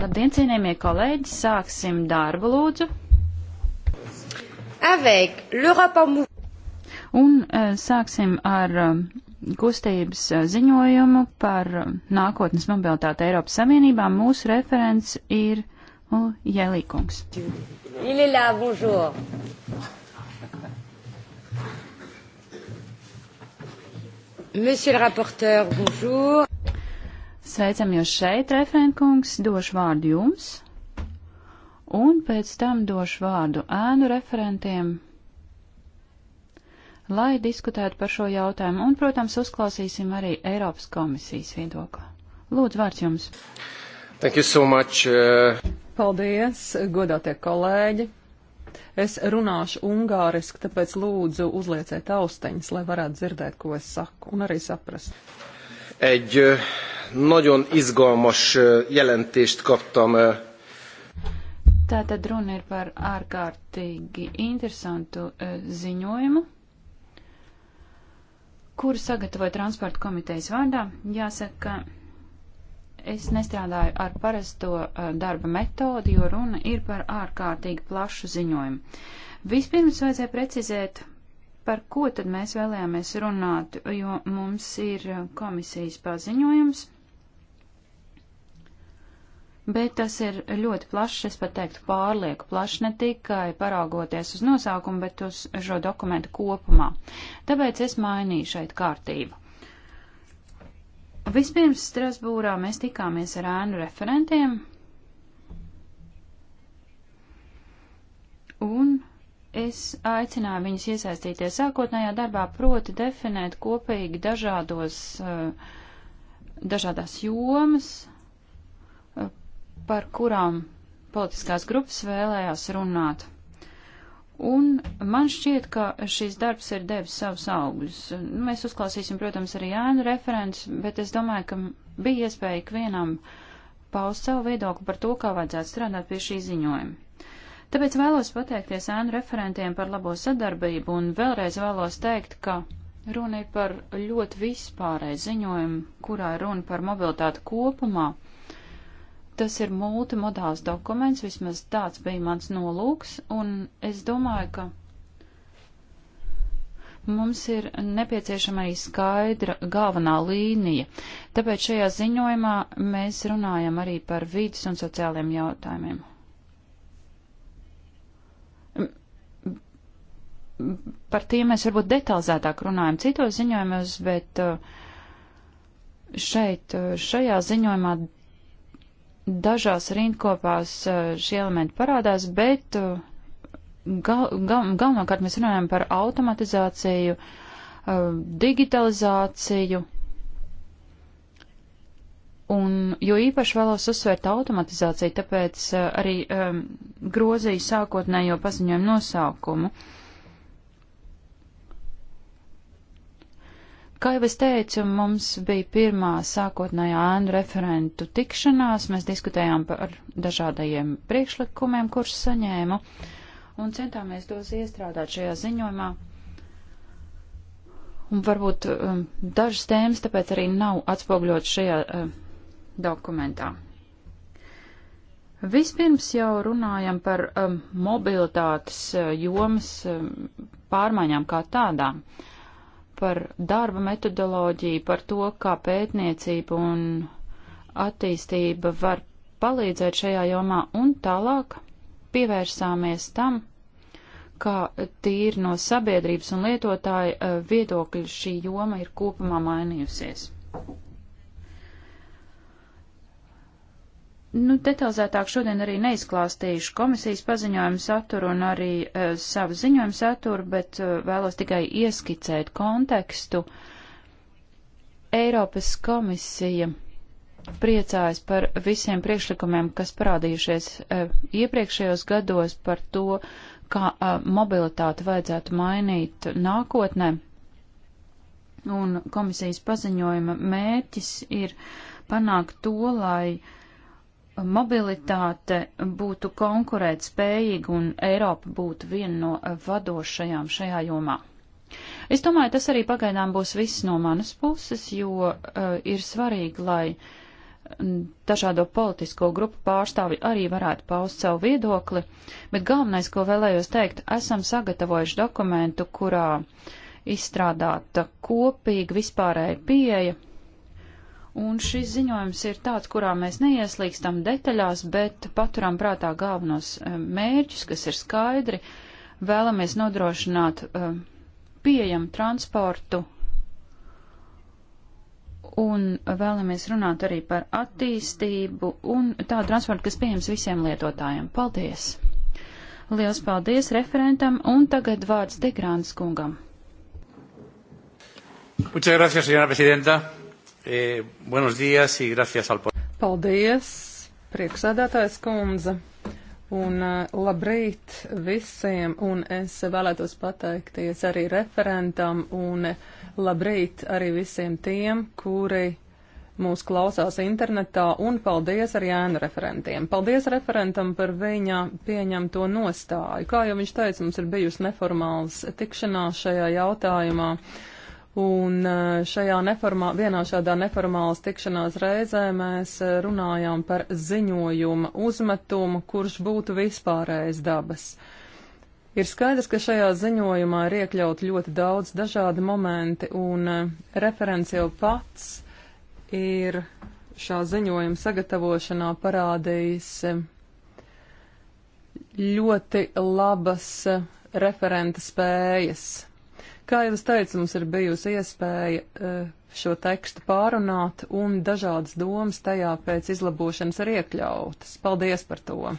Labdien, cienījamie kolēģi, sāksim darbu lūdzu. Avec l'Europe en mouvement. Un eh, sāksim ar eh, kustības eh, ziņojumu par nākotnes mobilitāti Eiropas Savienībā. Mūsu referents ir oh, Jēlīkungs. Il est là, bonjour. Monsieur le rapporteur, bonjour. Sveicam jūs šeit, referentkungs, došu vārdu jums, un pēc tam došu vārdu ēnu referentiem, lai diskutētu par šo jautājumu, un, protams, uzklausīsim arī Eiropas komisijas viedokli. Lūdzu, vārds jums. Thank you so much. Uh... Paldies, godātie kolēģi. Es runāšu ungāriski, tāpēc lūdzu uzlieciet austiņas, lai varētu dzirdēt, ko es saku, un arī saprast. Egy uh, Nagyon izgalmas jelentést kaptam. Tātad runa ir par ārkārtīgi interesantu ziņojumu, kuru sagatavoja transporta komitejas vārdā. Jāsaka, es nestrādāju ar parasto darba metodi, jo runa ir par ārkārtīgi plašu ziņojumu. Vispirms vajadzēja precizēt, par ko tad mēs vēlējāmies runāt, jo mums ir komisijas paziņojums bet tas ir ļoti plašs, es pat teiktu pārlieku plašs, ne tikai paraugoties uz nosaukumu, bet uz šo dokumentu kopumā. Tāpēc es mainīju šeit kārtību. Vispirms Strasbūrā mēs tikāmies ar ēnu referentiem, un es aicināju viņus iesaistīties sākotnējā darbā, proti definēt kopīgi dažādos, eh, dažādās jomas, par kurām politiskās grupas vēlējās runāt. Un man šķiet, ka šis darbs ir devis savus augļus. Mēs uzklausīsim, protams, arī ēnu referents, bet es domāju, ka bija iespēja ikvienam paust savu viedokli par to, kā vajadzētu strādāt pie šī ziņojuma. Tāpēc vēlos pateikties ēnu referentiem par labo sadarbību un vēlreiz vēlos teikt, ka runa ir par ļoti vispārēju ziņojumu, kurā ir runa par mobilitāti kopumā Tas ir multimodāls dokuments, vismaz tāds bija mans nolūks, un es domāju, ka mums ir nepieciešama arī skaidra galvenā līnija. Tāpēc šajā ziņojumā mēs runājam arī par vīdes un sociāliem jautājumiem. Par tiem mēs varbūt detalizētāk runājam citos ziņojumos, bet uh, šeit, uh, šajā ziņojumā Dažās rindkopās eh, šie elementi parādās, bet eh, gal, gal, galvenokārt mēs runājam par automatizāciju, eh, digitalizāciju, un jo īpaši vēlos uzsvērt automatizāciju, tāpēc arī um, grozīju sākotnējo paziņojumu nosaukumu. Uh, Kā jau es teicu, mums bija pirmā sākotnējā ēnu referentu tikšanās, mēs diskutējām par dažādajiem priekšlikumiem, kurus saņēmu, un centāmies tos iestrādāt šajā ziņojumā. Un varbūt um, dažas tēmas tāpēc arī nav atspogļot šajā um, dokumentā. Vispirms jau runājam par um, mobilitātes uh, jomas um, pārmaiņām kā tādām. Uh, par darba metodoloģiju, par to, kā pētniecība un attīstība var palīdzēt šajā jomā, un tālāk pievērsāmies tam, kā tīri no sabiedrības un lietotāja eh, viedokļa šī joma ir kopumā mainījusies. Nu, detalizētāk šodien arī neizklāstīšu komisijas paziņojumu saturu un arī e, savu ziņojumu saturu, bet e, vēlos tikai ieskicēt kontekstu. Eiropas komisija priecājas par visiem priekšlikumiem, kas parādījušies e, iepriekšējos gados par to, kā e, mobilitāti vajadzētu mainīt nākotnē. Un komisijas paziņojuma mērķis ir panākt to, lai e, mobilitāte būtu konkurēt spējīga un Eiropa būtu viena no vadošajām šajā jomā. Es domāju, tas arī pagaidām būs viss no manas puses, jo uh, ir svarīgi, lai mm, dažādo politisko grupu pārstāvi arī varētu paust savu viedokli, bet galvenais, ko vēlējos teikt, esam sagatavojuši dokumentu, kurā izstrādāta kopīga vispārēja pieeja Un šis ziņojums ir tāds, kurā mēs neieslīgstam detaļās, bet paturam prātā galvenos eh, mērķus, kas ir skaidri. Vēlamies nodrošināt eh, pieejamu transportu un vēlamies runāt arī par attīstību un tādu transportu, kas pieejams visiem lietotājiem. Paldies! Liels paldies referentam un tagad vārds Degrāns kungam. Muchas gracias, señora presidenta. Eh, buenos días y gracias al. Paldies, priekšsēdētājs kundze. Un eh, labrīt visiem, un es vēlētos pateikties arī referentam, un eh, labrīt arī visiem tiem, kuri mūs klausās internetā, un paldies arī ēnu referentiem. Paldies referentam par viņa pieņemto nostāju. Kā jau viņš teica, mums ir bijusi neformāls tikšanās šajā jautājumā. Uh, Un šajā neformā, vienā šādā neformālas tikšanās reizē mēs runājām par ziņojuma uzmetumu, kurš būtu vispārējais dabas. Ir skaidrs, ka šajā ziņojumā ir iekļaut ļoti daudz dažādi momenti, un referents jau pats ir šā ziņojuma sagatavošanā parādījis ļoti labas referenta spējas Kā jau es teicu, mums ir bijusi iespēja eh, šo tekstu pārunāt un dažādas domas tajā pēc izlabošanas ir iekļautas. Paldies par to!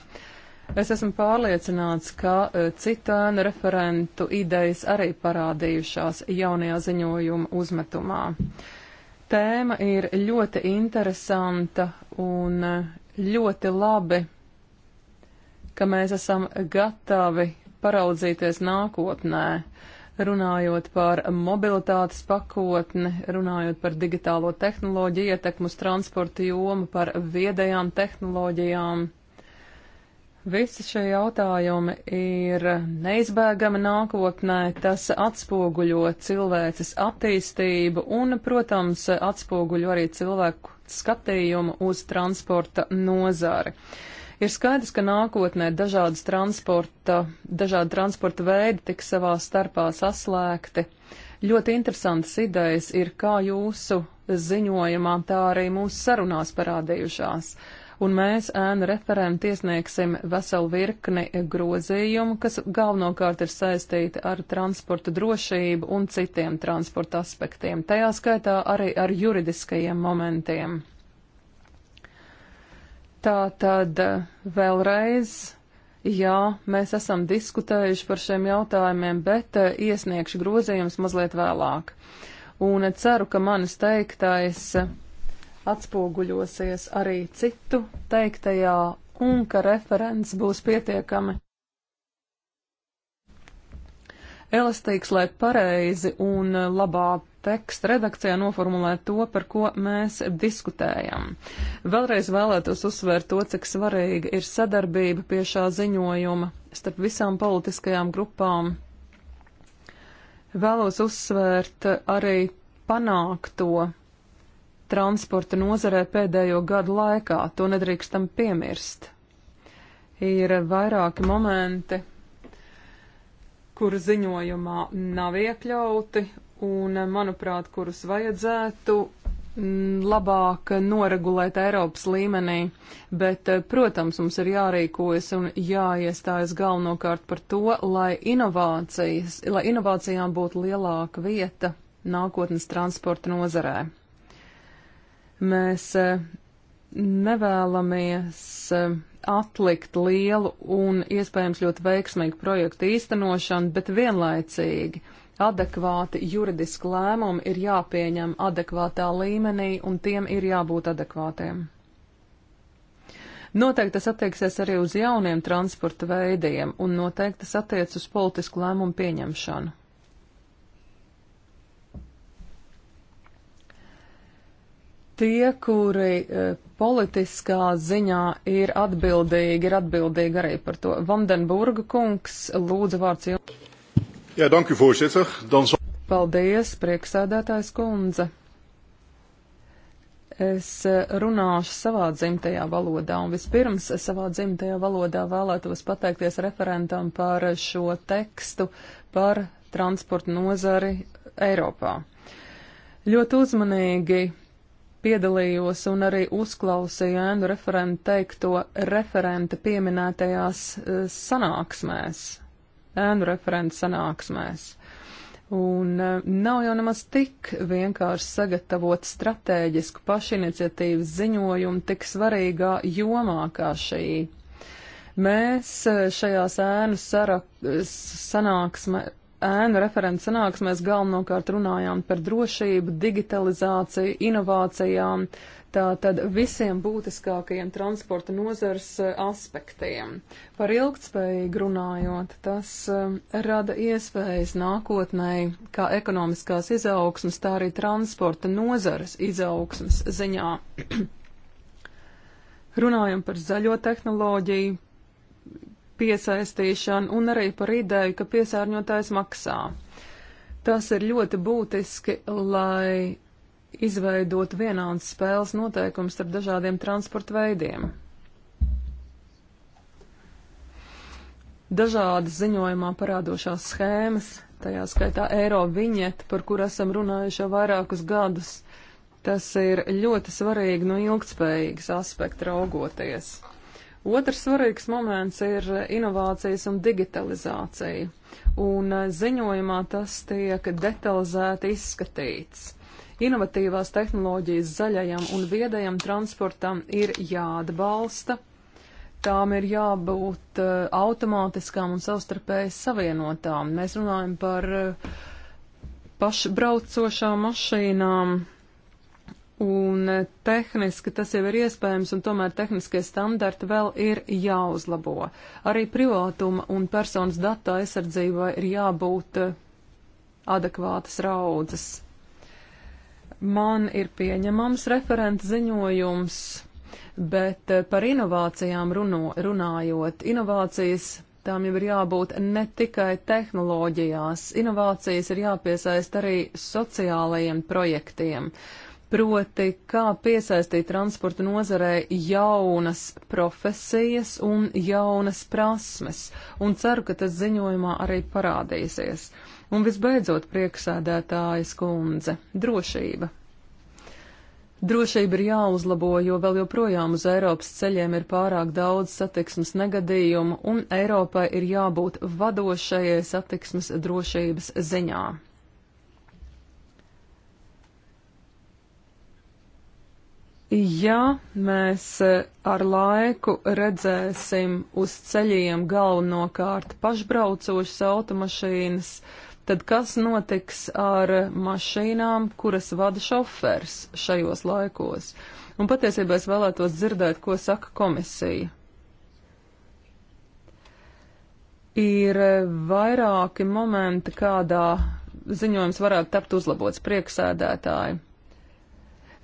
Es esmu pārliecināts, ka eh, citāna referentu idejas arī parādījušās jaunajā ziņojuma uzmetumā. Tēma ir ļoti interesanta un eh, ļoti labi, ka mēs esam gatavi paraudzīties nākotnē. Uh, runājot par mobilitātes pakotni, runājot par digitālo tehnoloģiju ietekmu uz transporta jomu, par viedajām tehnoloģijām. Visi šie jautājumi ir neizbēgami nākotnē, tas atspoguļo cilvēces attīstību un, protams, atspoguļo arī cilvēku skatījumu uz transporta nozari. Uh, Ir skaidrs, ka nākotnē dažādas transporta, dažādi transporta veidi tiks savā starpā saslēgti. Ļoti interesantas idejas ir kā jūsu ziņojumā, tā arī mūsu sarunās parādījušās un mēs ēnu referenti iesniegsim veselu virkni grozījumu, kas galvenokārt ir saistīti ar transporta drošību un citiem transporta aspektiem, tajā skaitā arī ar juridiskajiem momentiem. Tā tad eh, vēlreiz, jā, mēs esam diskutējuši par šiem jautājumiem, bet eh, iesniegšu grozījumus mazliet vēlāk. Un eh, ceru, ka manis teiktais atspoguļosies arī citu teiktajā un ka referents būs pietiekami elastīgs, lai pareizi un labā teksta redakcijā noformulēt to, par ko mēs diskutējam. Vēlreiz vēlētos uzsvērt to, cik svarīga ir sadarbība pie šā ziņojuma starp visām politiskajām grupām. Vēlos uzsvērt arī panākto transporta nozarē pēdējo gadu laikā. To nedrīkstam piemirst. Ir vairāki momenti, kur ziņojumā nav iekļauti, un, manuprāt, kurus vajadzētu mm, labāk noregulēt Eiropas līmenī, bet, eh, protams, mums ir jārīkojas un jāiestājas galvenokārt par to, lai, inovācijas, lai inovācijām būtu lielāka vieta nākotnes transporta nozarē. Mēs eh, nevēlamies eh, atlikt lielu un iespējams ļoti veiksmīgu projektu īstenošanu, bet vienlaicīgi adekvāti juridiski lēmumi ir jāpieņem adekvātā līmenī un tiem ir jābūt adekvātiem. Noteikti tas attieksies arī uz jauniem transporta veidiem un noteikti tas attiec uz politisku lēmumu pieņemšanu. tie, kuri uh, politiskā ziņā ir atbildīgi, ir atbildīgi arī par to. Vandenburga kungs, lūdzu vārds jums. Jā, danku, voorzitter. Dan... Paldies, prieksēdētājs kundze. Es eh, runāšu savā dzimtajā valodā, un vispirms savā dzimtajā valodā vēlētos pateikties referentam par šo tekstu par transporta nozari Eiropā. Ļoti uzmanīgi piedalījos un arī uzklausīju ēnu referentu teikto referenta pieminētajās eh, sanāksmēs, ēnu referents sanāksmēs. Un e, nav jau nemaz tik vienkārši sagatavot strateģisku pašiniciatīvas ziņojumu tik svarīgā jomā kā šī. Mēs e, šajā sēnu sanāksmē ēnu referents sanāksmēs galvenokārt runājām par drošību, digitalizāciju, inovācijām, tātad visiem būtiskākajiem transporta nozars e, aspektiem. Par ilgtspējīgu runājot, tas e, rada iespējas nākotnē kā ekonomiskās izaugsmas, tā arī transporta nozares izaugsmas ziņā. Runājam par zaļo tehnoloģiju, piesaistīšanu un arī par ideju, ka piesārņotājs maksā. Tas ir ļoti būtiski, lai izveidot vienādas spēles noteikums starp dažādiem transporta veidiem. Dažādas ziņojumā parādošās schēmas, tajā skaitā eiro viņeta, par kur esam runājuši jau vairākus gadus, tas ir ļoti svarīgi no ilgtspējīgas aspekta raugoties. Otrs svarīgs moments ir inovācijas un digitalizācija, un eh, ziņojumā tas tiek detalizēti izskatīts. Inovatīvās tehnoloģijas zaļajam un viedajam transportam ir jāatbalsta, tām ir jābūt eh, automātiskām un savstarpēji savienotām. Mēs runājam par eh, pašbraucošām mašīnām, Un tehniski tas jau ir iespējams, un tomēr tehniskie standarti vēl ir jāuzlabo. Arī privātuma un personas datu aizsardzībai ir jābūt eh, adekvātas raudzes. Man ir pieņemams referenta ziņojums, bet eh, par inovācijām runo, runājot, inovācijas tām jau ir jābūt ne tikai tehnoloģijās, inovācijas ir jāpiesaist arī sociālajiem projektiem. Uh, proti, kā piesaistīt transporta nozarei jaunas profesijas un jaunas prasmes, un ceru, ka tas ziņojumā arī parādīsies. Un visbeidzot, prieksēdētājas kundze - drošība. Drošība ir jāuzlabo, jo vēl joprojām uz Eiropas ceļiem ir pārāk daudz satiksmes negadījumu, un Eiropai ir jābūt vadošajai satiksmes drošības ziņā. Ja mēs e, ar laiku redzēsim uz ceļiem galvenokārt pašbraucošas automašīnas, tad kas notiks ar mašīnām, kuras vada šofers šajos laikos? Un patiesībā es vēlētos dzirdēt, ko saka komisija. Ir e, vairāki momenti, kādā ziņojums varētu tapt uzlabots priekšsēdētāji.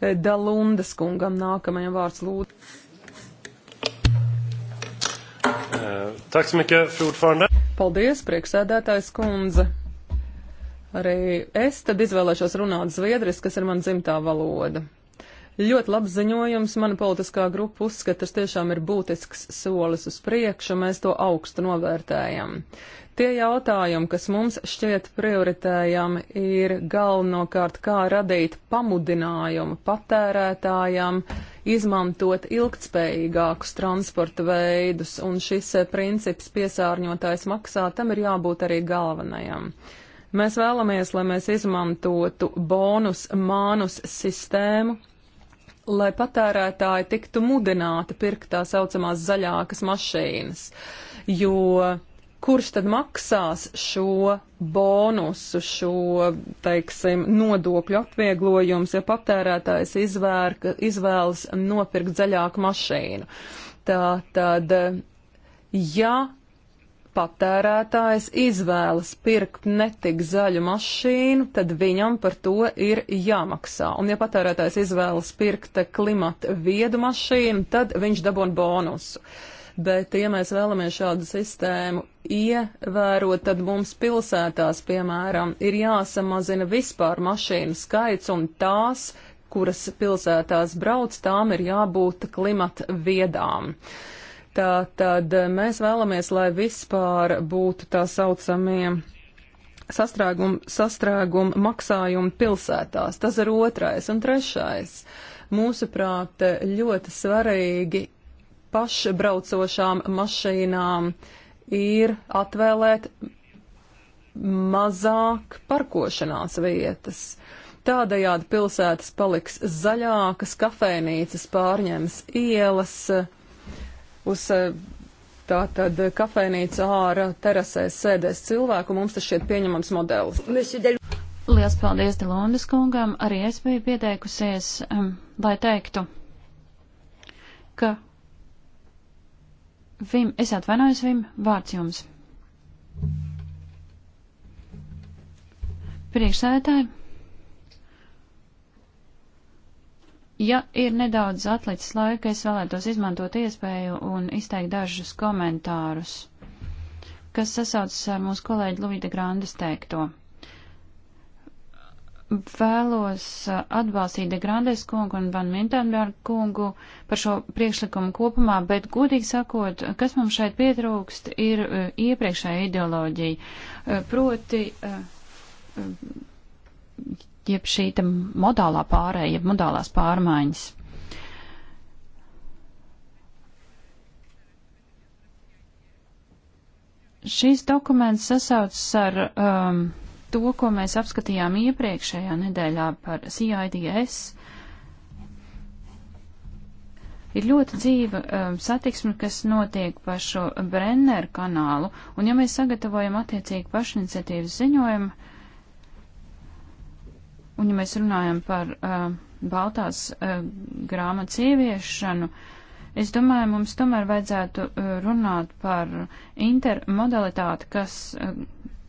Dalundas kungam nākamajam vārds lūdzu. Eh, Paldies, prieksēdētājs kundze. Arī es tad izvēlēšos runāt zviedris, kas ir man dzimtā valoda. Ļoti labs ziņojums. Mana politiskā grupa uzskata, tas tiešām ir būtisks solis uz priekšu, un mēs to augstu novērtējam. Tie jautājumi, kas mums šķiet prioritējami, ir galvenokārt, kā radīt pamudinājumu patērētājam izmantot ilgtspējīgākus transporta veidus, un šis eh, princips piesārņotājs maksā, tam ir jābūt arī galvenajam. Mēs vēlamies, lai mēs izmantotu bonus-mānus sistēmu, lai patērētāji tiktu mudināti pirkt tā saucamās zaļākas mašīnas, jo kurš tad maksās šo bonusu, šo, teiksim, nodokļu atvieglojums, ja patērētājs izvērka, izvēlas nopirkt zaļāku mašīnu. Tā tad, ja patērētājs izvēlas pirkt netik zaļu mašīnu, tad viņam par to ir jāmaksā. Un ja patērētājs izvēlas pirkt klimata viedu mašīnu, tad viņš dabon bonusu. Bet, ja mēs vēlamies šādu sistēmu ievērot, tad mums pilsētās, piemēram, ir jāsamazina vispār mašīnu skaits un tās, kuras pilsētās brauc, tām ir jābūt klimata viedām. Uh, Tā tad mēs vēlamies, lai vispār būtu tā saucamie sastrēguma sastrēgum maksājumi pilsētās. Tas ir otrais un trešais. Mūsuprāt, ļoti svarīgi pašbraucošām mašīnām ir atvēlēt mazāk parkošanās vietas. Tādējādi pilsētas paliks zaļākas, kafejnīcas pārņems ielas, uz eh, tātad kafejnīca ārā terasēs sēdēs cilvēku, mums tas šķiet pieņemams modelis. Liels paldies Delondas kungam, arī es biju pieteikusies, um, lai teiktu, ka Vim, es atvainojos, Vim, vārds jums. Priekšsēdētāji, Ja ir nedaudz atlicis laika, es vēlētos izmantot iespēju un izteikt dažus komentārus, kas sasaucas ar mūsu kolēģi Luvīda Grandes teikto. Vēlos uh, atbalstīt De Grandes kungu un Van Mintenbergu kungu par šo priekšlikumu kopumā, bet godīgi sakot, kas mums šeit pietrūkst, ir uh, iepriekšējā ideoloģija. Uh, proti, jeb šī modālā pārēja, jeb modālās pārmaiņas. Šīs dokuments sasaucas ar um, to, ko mēs apskatījām iepriekšējā nedēļā par CIDS. Ir ļoti dzīva um, satiksme, kas notiek pa šo Brenner kanālu, un ja mēs sagatavojam attiecīgi pašiniciatīvas ziņojumu, Un ja mēs runājam par uh, baltās uh, grāmatas ieviešanu, es domāju, mums tomēr vajadzētu uh, runāt par intermodalitāti, kas, uh,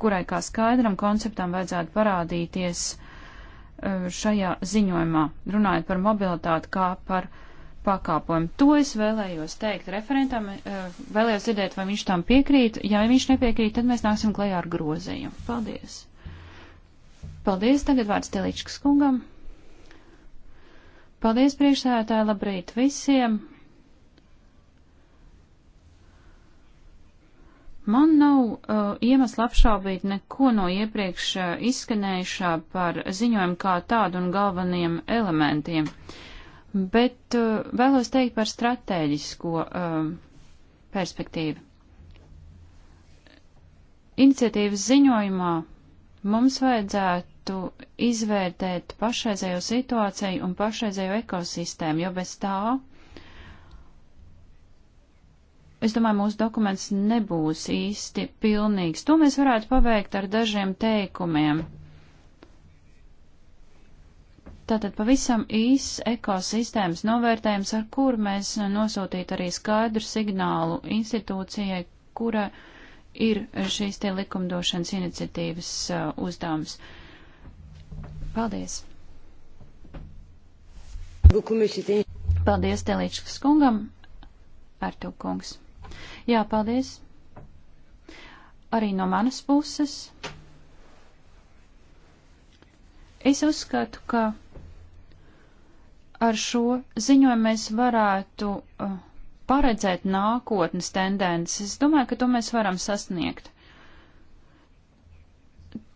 kurai kā skaidram konceptam vajadzētu parādīties uh, šajā ziņojumā, runājot par mobilitāti kā par pakāpojumu. To es vēlējos teikt referentam, uh, vēlējos dzirdēt, vai viņš tam piekrīt. Ja viņš nepiekrīt, tad mēs nāksim klajā ar grozījumu. Paldies! Paldies, tagad vārds Teličkas kungam. Paldies, priekšsēdētāji, labrīt visiem. Man nav uh, iemesla apšaubīt neko no iepriekš uh, izskanējušā par ziņojumu kā tādu un galveniem elementiem, bet uh, vēlos teikt par stratēģisko uh, perspektīvu. Iniciatīvas ziņojumā mums vajadzētu varētu izvērtēt pašreizējo situāciju un pašreizējo ekosistēmu, jo bez tā, es domāju, mūsu dokuments nebūs īsti pilnīgs. To mēs varētu paveikt ar dažiem teikumiem. Tātad pavisam īss ekosistēmas novērtējums, ar kuru mēs nosūtītu arī skaidru signālu institūcijai, kura ir šīs te likumdošanas iniciatīvas uh, uzdevums. Paldies! Paldies Telīčkas kungam, Artu kungs. Jā, paldies. Arī no manas puses. Es uzskatu, ka ar šo ziņojumu mēs varētu uh, paredzēt nākotnes tendences. Es domāju, ka to mēs varam sasniegt.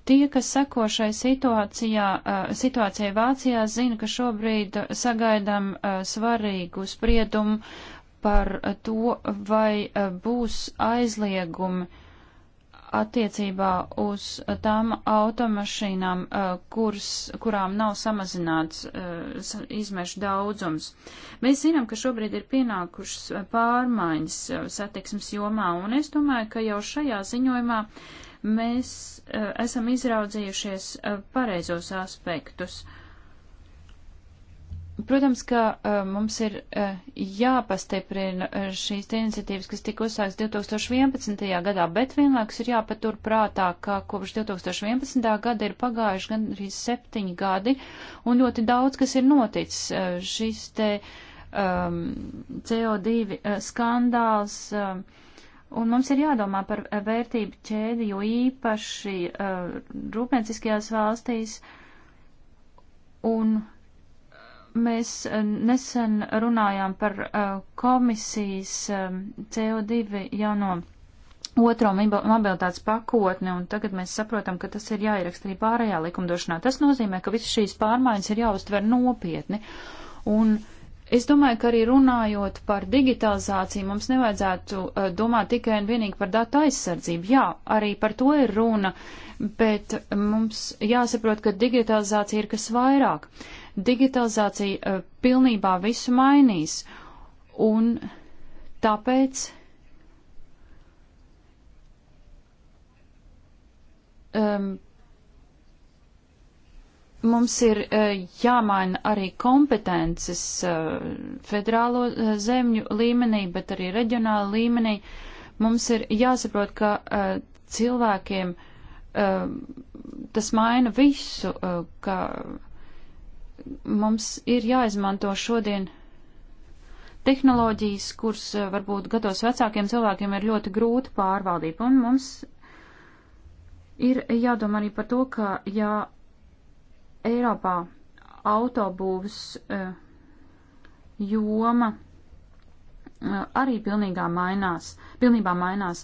Tie, kas seko šai situācijā, eh, situācijai Vācijā, zina, ka šobrīd sagaidām eh, svarīgu spriedumu par to, vai eh, būs aizliegumi attiecībā uz tām automašīnām, kurs, kurām nav samazināts izmešu daudzums. Mēs zinām, ka šobrīd ir pienākušas pārmaiņas satiksmes jomā, un es domāju, ka jau šajā ziņojumā mēs uh, esam izraudzījušies uh, pareizos aspektus. Protams, ka uh, mums ir uh, jāpastiprina šīs iniciatīvas, kas tika uzsāks 2011. gadā, bet vienlaikus ir jāpatur prātā, ka kopš 2011. gada ir pagājuši gan arī septiņi gadi un ļoti daudz, kas ir noticis. Uh, šis te um, CO2 uh, skandāls. Uh, Un mums ir jādomā par eh, vērtību ķēdi, jo īpaši uh, rūpnieciskajās valstīs. Un mēs eh, nesen runājām par uh, komisijas um, CO2 jauno otro mobilitātes pakotni, un tagad mēs saprotam, ka tas ir jāieraksta arī pārējā likumdošanā. Tas nozīmē, ka visas šīs pārmaiņas ir jāuztver nopietni. Un, uh, Es domāju, ka arī runājot par digitalizāciju, mums nevajadzētu eh, domāt tikai un vienīgi par datu aizsardzību. Jā, arī par to ir runa, bet mums jāsaprot, ka digitalizācija ir kas vairāk. Digitalizācija eh, pilnībā visu mainīs, un tāpēc um, mums ir e, jāmaina arī kompetences e, federālo e, zemju līmenī, bet arī reģionāla līmenī. Mums ir jāsaprot, ka cilvēkiem tas maina visu, ka mums ir jāizmanto šodien tehnoloģijas, kuras varbūt gados vecākiem cilvēkiem ir ļoti grūti pārvaldīt. Un mums ir jādomā arī par to, ka jā. Ja Eiropā autobūvs eh, joma eh, arī pilnīgā mainās, pilnībā mainās.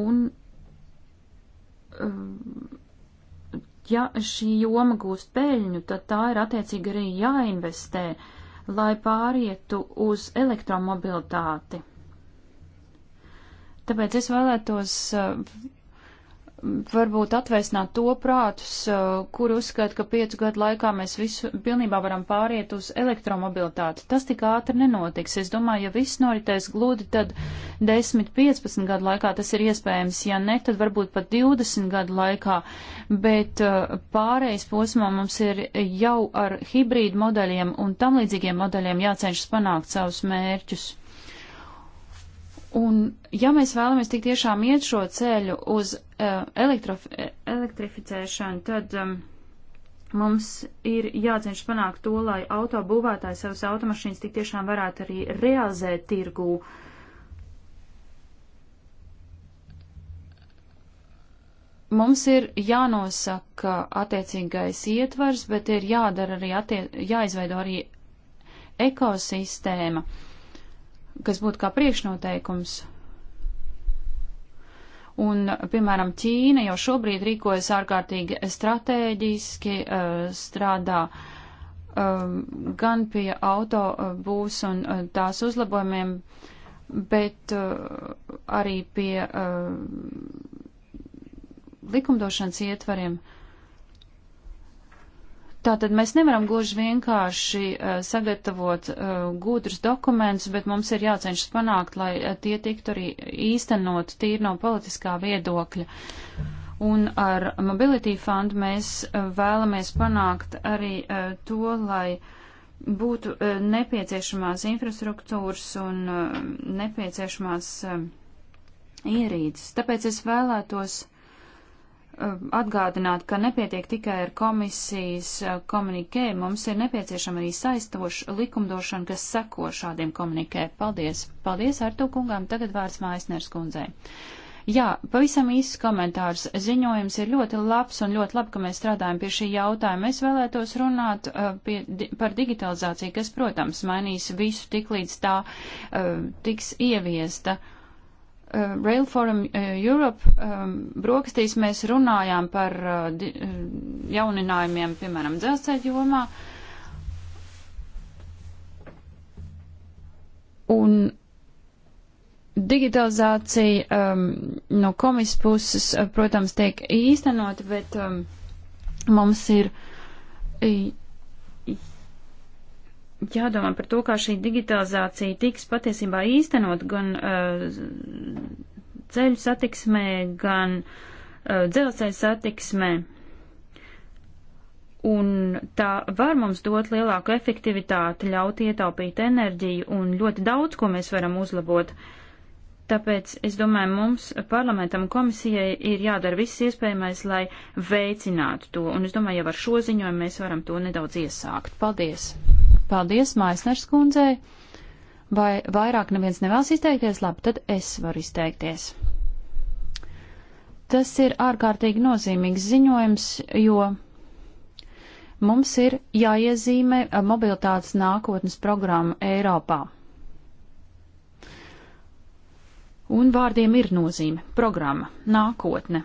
Un, eh, ja šī joma gūst peļņu, tad tā ir attiecīgi arī jāinvestē, lai pārietu uz elektromobilitāti. Tāpēc es vēlētos varbūt atvēsināt to prātus, uh, kur uzskata, ka piecu gadu laikā mēs visu pilnībā varam pāriet uz elektromobilitāti. Tas tik ātri nenotiks. Es domāju, ja viss noritēs glūdi, tad 10-15 gadu laikā tas ir iespējams, ja ne, tad varbūt pat 20 gadu laikā, bet uh, pārējais posmā mums ir jau ar hibrīdu modeļiem un tam līdzīgiem modeļiem jācenšas panākt savus mērķus. Un ja mēs vēlamies tik tiešām iet šo ceļu uz Eh, elektrof, elektrificēšanu, tad um, mums ir jācenšas panākt to, lai auto būvētāji savas automašīnas tik tiešām varētu arī realizēt tirgū. Mums ir jānosaka attiecīgais ietvars, bet ir jādara arī attie, jāizveido arī ekosistēma, kas būtu kā priekšnoteikums Un, piemēram, Ķīna jau šobrīd rīkojas ārkārtīgi stratēģiski, uh, strādā um, gan pie auto uh, būs un uh, tās uzlabojumiem, bet arī pie likumdošanas ietvariem. Uh, Tātad mēs nevaram gluži vienkārši eh, sagatavot eh, gudrus dokumentus, bet mums ir jācenšas panākt, lai eh, tie tiktu arī īstenot tīri no politiskā viedokļa. Un ar Mobility Fund mēs vēlamies panākt arī to, lai būtu nepieciešamās infrastruktūras un nepieciešamās ierīces. Tāpēc es vēlētos atgādināt, ka nepietiek tikai ar komisijas uh, komunikē, mums ir nepieciešama arī saistoša likumdošana, kas seko šādiem komunikē. Paldies! Paldies Artu kungām, tagad vārds Maisners kundzei. Jā, pavisam īsts komentārs. Ziņojums ir ļoti labs un ļoti labi, ka mēs strādājam pie šī jautājuma. Es vēlētos runāt uh, pie, di, par digitalizāciju, kas, protams, mainīs visu tik līdz tā uh, tiks ieviesta. Uh, uh, Rail Forum uh, Europe um, brokastīs mēs runājām par uh, di, uh, jauninājumiem, piemēram, dzelzceļa jomā. Un digitalizācija um, no komisijas puses, protams, tiek īstenota, bet um, mums ir. I, jādomā par to, kā šī digitalizācija tiks patiesībā īstenot gan uh, ceļu satiksmē, gan uh, eh, dzelzceļu satiksmē. Un tā var mums dot lielāku efektivitāti, ļaut ietaupīt enerģiju un ļoti daudz, ko mēs varam uzlabot. Tāpēc es domāju, mums parlamentam komisijai ir jādara viss iespējamais, lai veicinātu to. Un es domāju, jau ar šo ziņojumu mēs varam to nedaudz iesākt. Paldies! Paldies Maisners kundzei. Vai vairāk neviens nevēlas izteikties? Labi, tad es varu izteikties. Tas ir ārkārtīgi nozīmīgs ziņojums, jo mums ir jāiezīmē mobilitātes nākotnes programma Eiropā. Un vārdiem ir nozīme - programma, nākotne.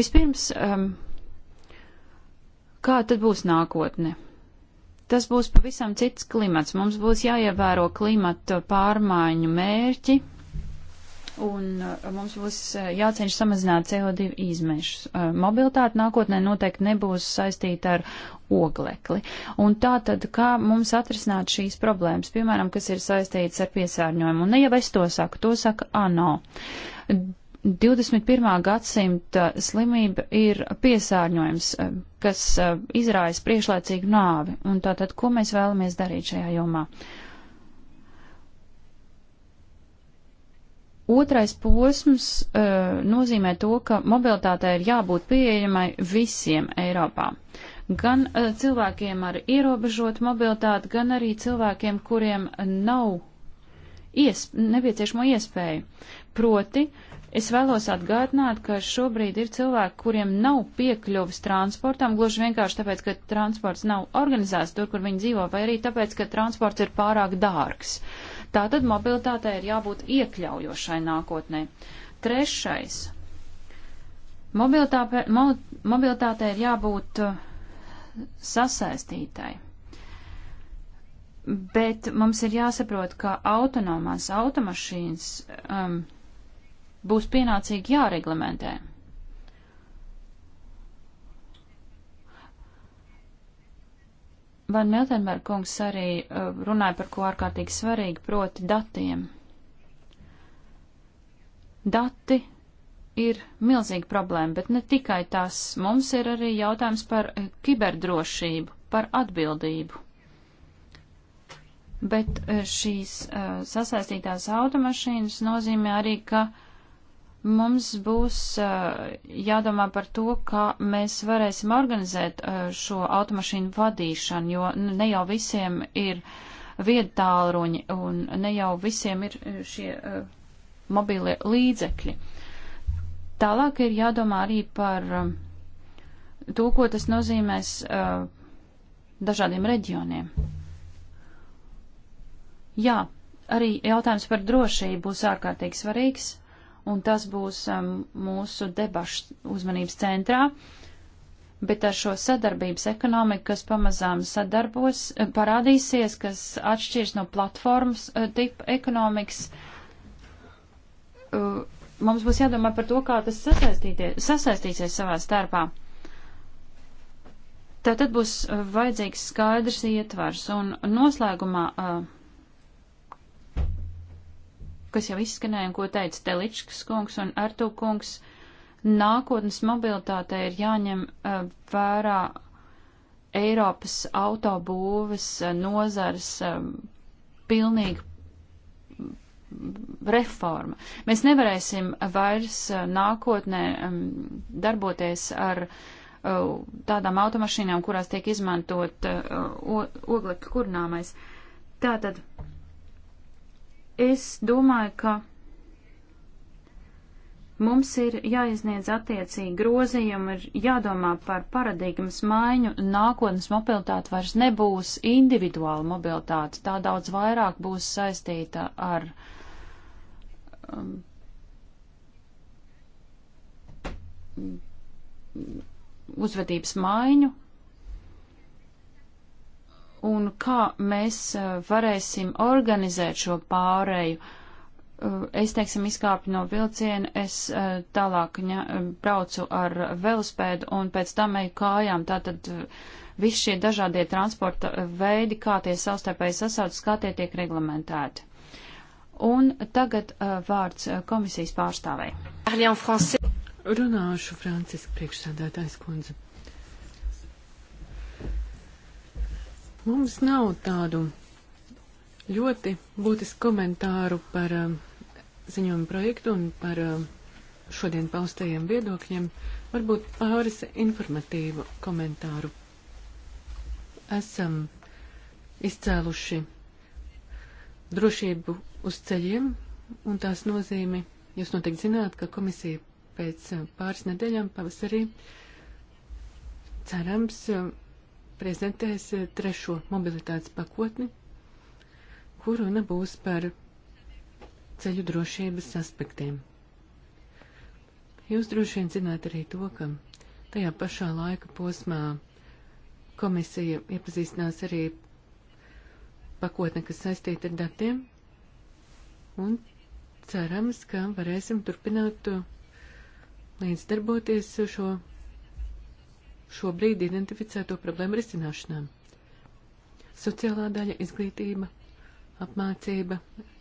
Vispirms, um, kā tad būs nākotne? tas būs pavisam cits klimats. Mums būs jāievēro klimata pārmaiņu mērķi, un uh, mums būs uh, jāceņš samazināt CO2 izmešus. Uh, Mobiltāte nākotnē noteikti nebūs saistīta ar oglekli. Un tā tad, kā mums atrisināt šīs problēmas, piemēram, kas ir saistītas ar piesārņojumu? Un ne jau es to saku, to saka ANO. 21. gadsimta slimība ir piesārņojums, eh, kas eh, izraisa priešlaicīgu nāvi, un tātad, ko mēs vēlamies darīt šajā jomā? Otrais posms uh, nozīmē to, ka mobilitātei ir jābūt pieejamai visiem Eiropā. Gan uh, cilvēkiem ar ierobežotu mobilitāti, gan arī cilvēkiem, kuriem nav iesp nepieciešamo iespēju. Proti, uh, Es vēlos atgādināt, ka šobrīd ir cilvēki, kuriem nav piekļuvis transportam, gluži vienkārši tāpēc, ka transports nav organizēts tur, kur viņi dzīvo, vai arī tāpēc, ka transports ir pārāk dārgs. Tātad mobilitātei ir jābūt iekļaujošai nākotnē. Trešais. Mobilitāte, mo, mobilitātei ir jābūt uh, sasaistītai. Bet mums ir jāsaprot, ka autonomās automašīnas um, būs pienācīgi jāreglamentē. Van Miltenberg kungs arī uh, runāja par ko ārkārtīgi svarīgi, proti datiem. Dati ir milzīga problēma, bet ne tikai tas. Mums ir arī jautājums par eh, kiberdrošību, par atbildību. Bet eh, šīs uh, sasaistītās automašīnas nozīmē arī, ka uh, mums būs eh, jādomā par to, kā mēs varēsim organizēt eh, šo automašīnu vadīšanu, jo ne jau visiem ir viedtālruņi un ne jau visiem ir eh, šie mobīlie līdzekļi. Tālāk ir jādomā arī par to, ko tas nozīmēs dažādiem reģioniem. Jā, arī jautājums par drošību būs ārkārtīgi svarīgs un tas būs um, mūsu debašu uzmanības centrā. Bet ar šo sadarbības ekonomiku, kas pamazām sadarbos, eh, parādīsies, kas atšķirs no platformas eh, tipa ekonomikas, eh, mums būs jādomā par to, kā tas sasaistīsies savā starpā. Tātad būs vajadzīgs skaidrs ietvars un noslēgumā uh, kas jau izskanēja un ko teica Teličkas kungs un Artu kungs, nākotnes mobilitāte ir jāņem eh, vērā Eiropas autobūves eh, nozars eh, pilnīga mm, reforma. Mēs nevarēsim vairs nākotnē mm, darboties ar tādām automašīnām, kurās tiek izmantot oglekļa kurināmais. Tātad Es domāju, ka mums ir jāizniedz attiecīgi grozījumi, ir jādomā par paradigmas maiņu. Nākotnes mobilitāte vairs nebūs individuāla mobilitāte, tā daudz vairāk būs saistīta ar um, uzvedības maiņu, un kā mēs eh, varēsim organizēt šo pārēju. Eh, es, teiksim, izkāpu no vilciena, es eh, tālāk ņa, braucu ar velospēdu un pēc tam eju kājām. Tātad visi šie dažādie transporta veidi, kā tie savstarpēji sasaucas, kā tie tiek reglamentēti. Un tagad vārds komisijas pārstāvei. Runāšu Franciska priekšsādātājs kundze. Mums nav tādu ļoti būtisku komentāru par um, ziņojumu projektu un par um, šodien paustajiem viedokļiem. Varbūt pāris informatīvu komentāru. Esam izcēluši drošību uz ceļiem un tās nozīmi. Jūs noteikti zināt, ka komisija pēc eh, pāris nedēļām pavasarī cerams prezentēs eh, trešo mobilitātes pakotni, kur runa būs par ceļu drošības aspektiem. Jūs droši vien zināt arī to, ka tajā pašā laika posmā komisija iepazīstinās arī pakotne, kas saistīta ar datiem, un cerams, ka varēsim turpināt eh, līdzdarboties šo šobrīd identificēto problēmu risināšanām. Sociālā daļa, izglītība, apmācība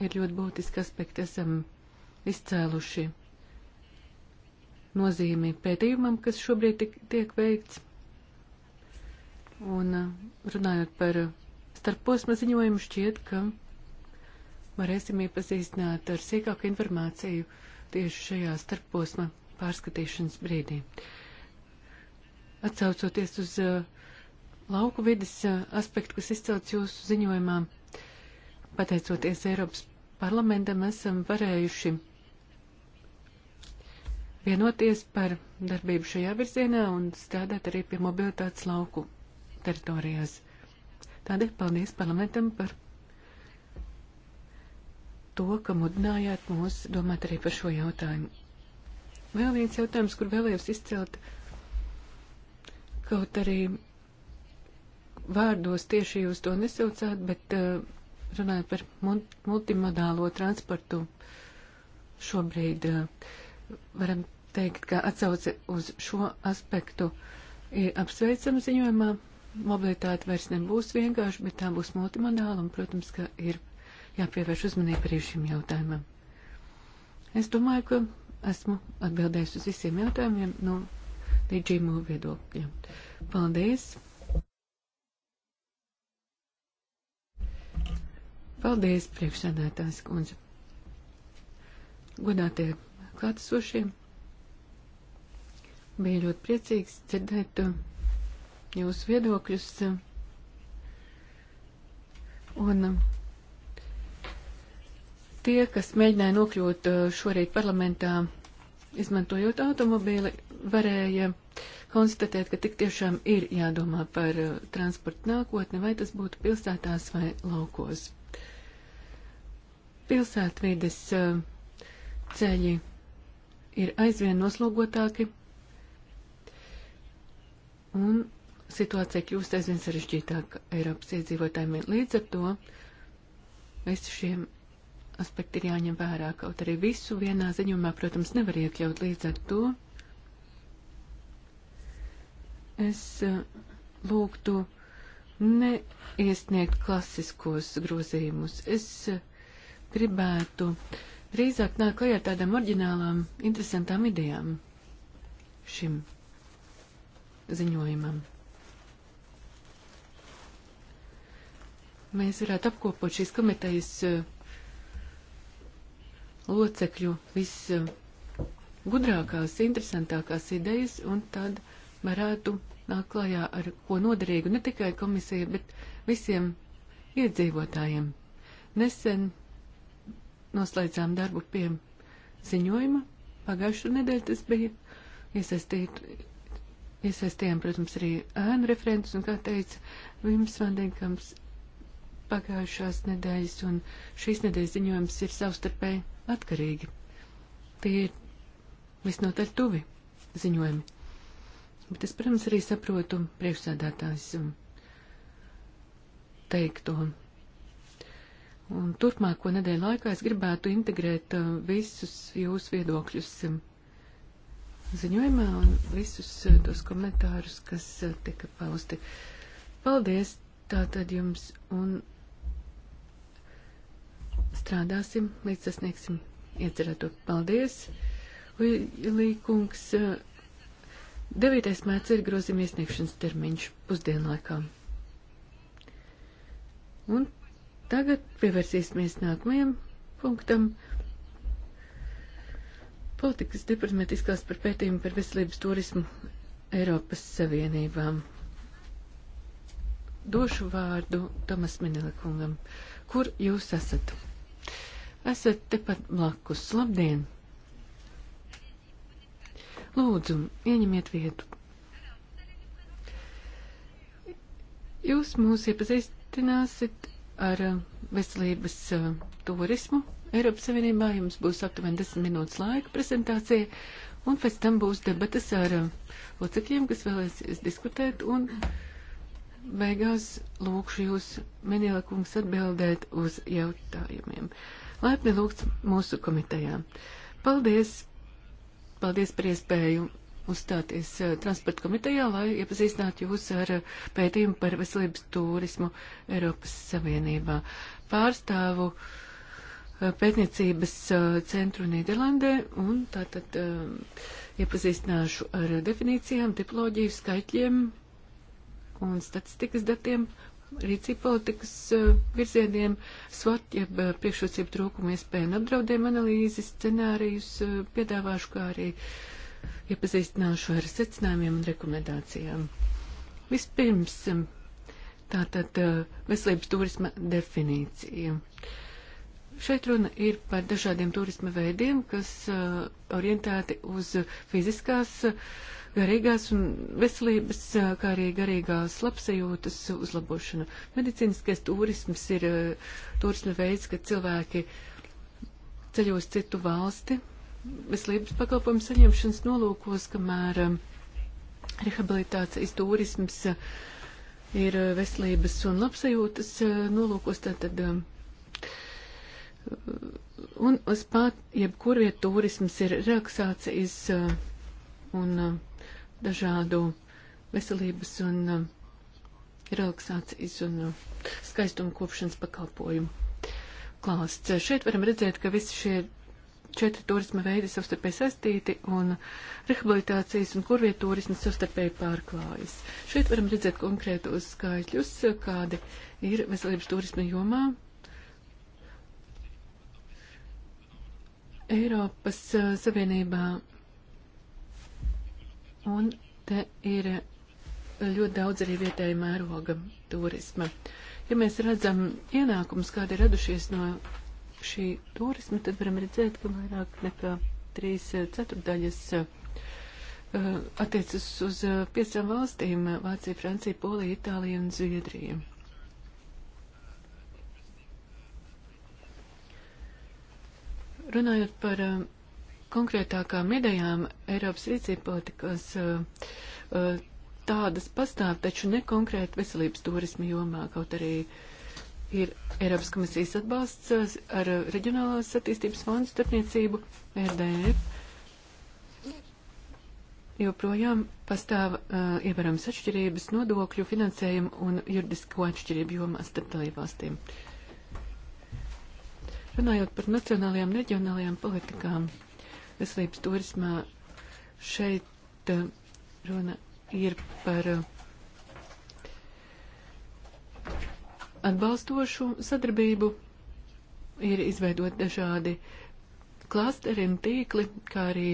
ir ļoti būtiski aspekti. Esam izcēluši nozīmi pētījumam, kas šobrīd tik, tiek veikts. Un uh, runājot par starposma ziņojumu, šķiet, ka varēsim iepazīstināt ar sīkāku informāciju tieši šajā starposma pārskatīšanas brīdī. Uh, Atcaucoties uz uh, lauku vidas uh, aspektu, kas izcelts jūsu ziņojumā, pateicoties Eiropas parlamentam, esam varējuši vienoties par darbību šajā virzienā un strādāt arī pie mobilitātes lauku teritorijās. Tādēļ paldies parlamentam par to, ka mudinājāt mūs domāt arī par šo jautājumu. Vēl viens jautājums, kur vēlējos izcelt uh, Kaut arī vārdos tieši jūs to nesaucāt, bet uh, runājot par multimodālo transportu, šobrīd uh, varam teikt, ka atsauce uz šo aspektu ir apsveicama ziņojumā. Mobilitāte vairs nebūs vienkārši, bet tā būs multimodāla un, protams, ka ir jāpievērš uzmanība arī šim jautājumam. Es domāju, ka esmu atbildējusi uz visiem jautājumiem. Nu, no DigiMu viedokļiem. Paldies! Paldies, priekšsēdētājs kundze! Godātie klātesošie! Bija ļoti priecīgs dzirdēt uh, jūsu viedokļus. Uh, un uh, tie, kas mēģināja nokļūt šorīt parlamentā, izmantojot automobīli, varēja konstatēt, ka tik tiešām ir jādomā par uh, transportu nākotni, vai tas būtu pilsētās vai laukos. Pilsētvides uh, ceļi ir aizvien noslogotāki, un situācija kļūst aizvien sarežģītāka Eiropas iedzīvotājiem. Līdz ar to visi šiem aspekti ir jāņem vērā, kaut arī visu vienā ziņumā, protams, nevar iekļaut līdz ar to es eh, lūgtu neiesniegt klasiskos grozījumus. Es eh, gribētu drīzāk nāk klajā ar tādām orģinālām, interesantām idejām šim ziņojumam. Mēs varētu apkopot šīs komitejas eh, locekļu visgudrākās, interesantākās idejas un tad varētu nāk klajā ar ko noderīgu ne tikai komisija, bet visiem iedzīvotājiem. Nesen noslēdzām darbu pie ziņojuma, pagājušu nedēļu tas bija, iesaistīt, iesaistījām, protams, arī ēnu referentus, un, kā teica Vims Vandenkams, pagājušās nedēļas un šīs nedēļas ziņojums ir savstarpēji atkarīgi. Tie ir visnotaļ tuvi ziņojumi. Bet es, protams, arī saprotu priekšsēdētājs teikto. Un turpmāko nedēļu laikā es gribētu integrēt uh, visus jūsu viedokļus um, ziņojumā un visus uh, tos komentārus, kas uh, tika pausti. Paldies tātad jums un strādāsim, līdz sasniegsim iecerēto. Paldies! Līkungs, 9. mērķis ir grozījuma iesniegšanas termiņš pusdienlaikā. Un tagad pievērsīsimies nākamajam punktam. Politikas departamenta izklāsts par pētījumu par veselības turismu Eiropas Savienībām. Došu vārdu Tomas Minelikungam. Kur jūs esat? Esat tepat blakus. Labdien! Lūdzu, ieņemiet vietu. Jūs mūs iepazīstināsit ar uh, veselības uh, turismu Eiropas Savienībā. Jums būs aptuveni 10 minūtes laika prezentācija, un pēc tam būs debatas ar uh, locekļiem, kas vēlēsies diskutēt, un beigās lūkšu jūs, Menila kungs, atbildēt uz jautājumiem. Laipni lūgts mūsu komitejā. Paldies! Paldies par iespēju uzstāties eh, transporta komitejā, lai iepazīstinātu jūs ar eh, pētījumu par veselības turismu Eiropas Savienībā. Pārstāvu eh, pētniecības centru Nīderlandē un tātad iepazīstināšu ar definīcijām, tipoloģiju, skaitļiem un statistikas datiem rīcība politikas eh, virzieniem, SWOT, jeb eh, priekšrocību trūkumu iespējami apdraudējumu analīzi scenārijus eh, piedāvāšu, kā arī iepazīstināšu ar secinājumiem un rekomendācijām. Vispirms, tātad veselības turisma definīcija. Šeit runa ir par dažādiem turisma veidiem, kas orientēti uz fiziskās uh, garīgās un veselības, kā arī garīgās labsajūtas uzlabošana. Medicīniskais turisms ir turisma veids, kad cilvēki ceļo uz citu valsti veselības pakalpojumu saņemšanas nolūkos, kamēr rehabilitācijas turisms ir veselības un labsajūtas nolūkos, tātad un uz pat jebkurviet turisms ir relaksācijas un dažādu veselības un um, relaksācijas un um, skaistuma kopšanas pakalpojumu klāsts. Šeit varam redzēt, ka visi šie četri turisma veidi savstarpēji saistīti un rehabilitācijas un kurvieturismas savstarpēji pārklājas. Šeit varam redzēt konkrētos skaitļus, kādi ir veselības turisma jomā. Eiropas uh, Savienībā Un te ir ļoti daudz arī vietēja mēroga turisma. Ja mēs redzam ienākumus, kādi ir radušies no šī turisma, tad varam redzēt, ka vairāk nekā trīs ceturdaļas eh, attiecas uz eh, piecām valstīm - Vācija, Francija, Polija, Itālija un Zviedrija. Runājot par eh, konkrētākām idejām Eiropas rīcība politikas eh, eh, tādas pastāv, taču ne konkrēti veselības turismu jomā, kaut arī ir Eiropas komisijas atbalsts eh, ar reģionālās attīstības fondu starpniecību RDF. Joprojām pastāv uh, ievērams atšķirības nodokļu finansējumu un juridisko atšķirību jomā starp dalībvalstīm. Runājot par nacionālajām reģionālajām politikām. Mm veselības turismā. Šeit uh, runa ir par uh, atbalstošu sadarbību. Ir izveidot dažādi klasteri un tīkli, kā arī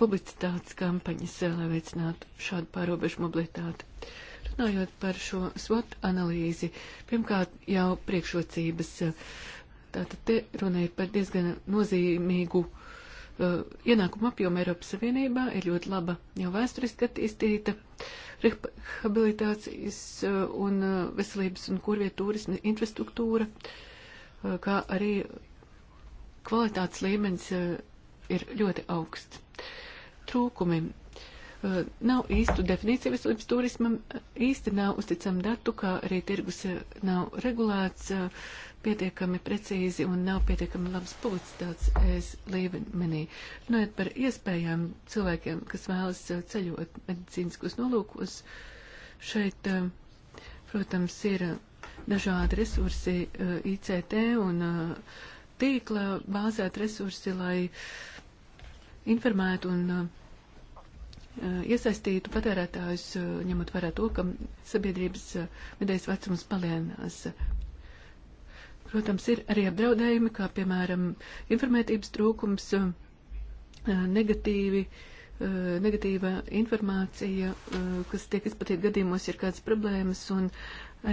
publicitātes kampaņas, uh, lai veicinātu šādu pārobežu mobilitāti. Runājot par šo SWOT analīzi, pirmkārt jau priekšrocības Tātad te runa ir par diezgan nozīmīgu uh, ienākumu apjomu Eiropas Savienībā, ir ļoti laba jau vēsturiski attīstīta rehabilitācijas uh, un uh, veselības un kurvietu turisma infrastruktūra, uh, kā arī kvalitātes līmenis uh, ir ļoti augsts. Trūkumi. Uh, nav īstu definīciju veselības turismam, īsti nav uzticama datu, kā arī tirgus uh, nav regulēts. Uh, pietiekami precīzi un nav pietiekami labs publicitāts es līmenī. Runājot par iespējām cilvēkiem, kas vēlas eh, ceļot medicīniskos nolūkos, šeit, eh, protams, ir eh, dažādi resursi ICT un tīkla bāzēt resursi, lai informētu un iesaistītu patērētājus, ņemot vērā to, ka sabiedrības vidējais vecums palielinās. Protams, ir arī apdraudējumi, kā piemēram informētības trūkums, eh, negatīvi, eh, negatīva informācija, eh, kas tiek izplatīta gadījumos, ir kādas problēmas, un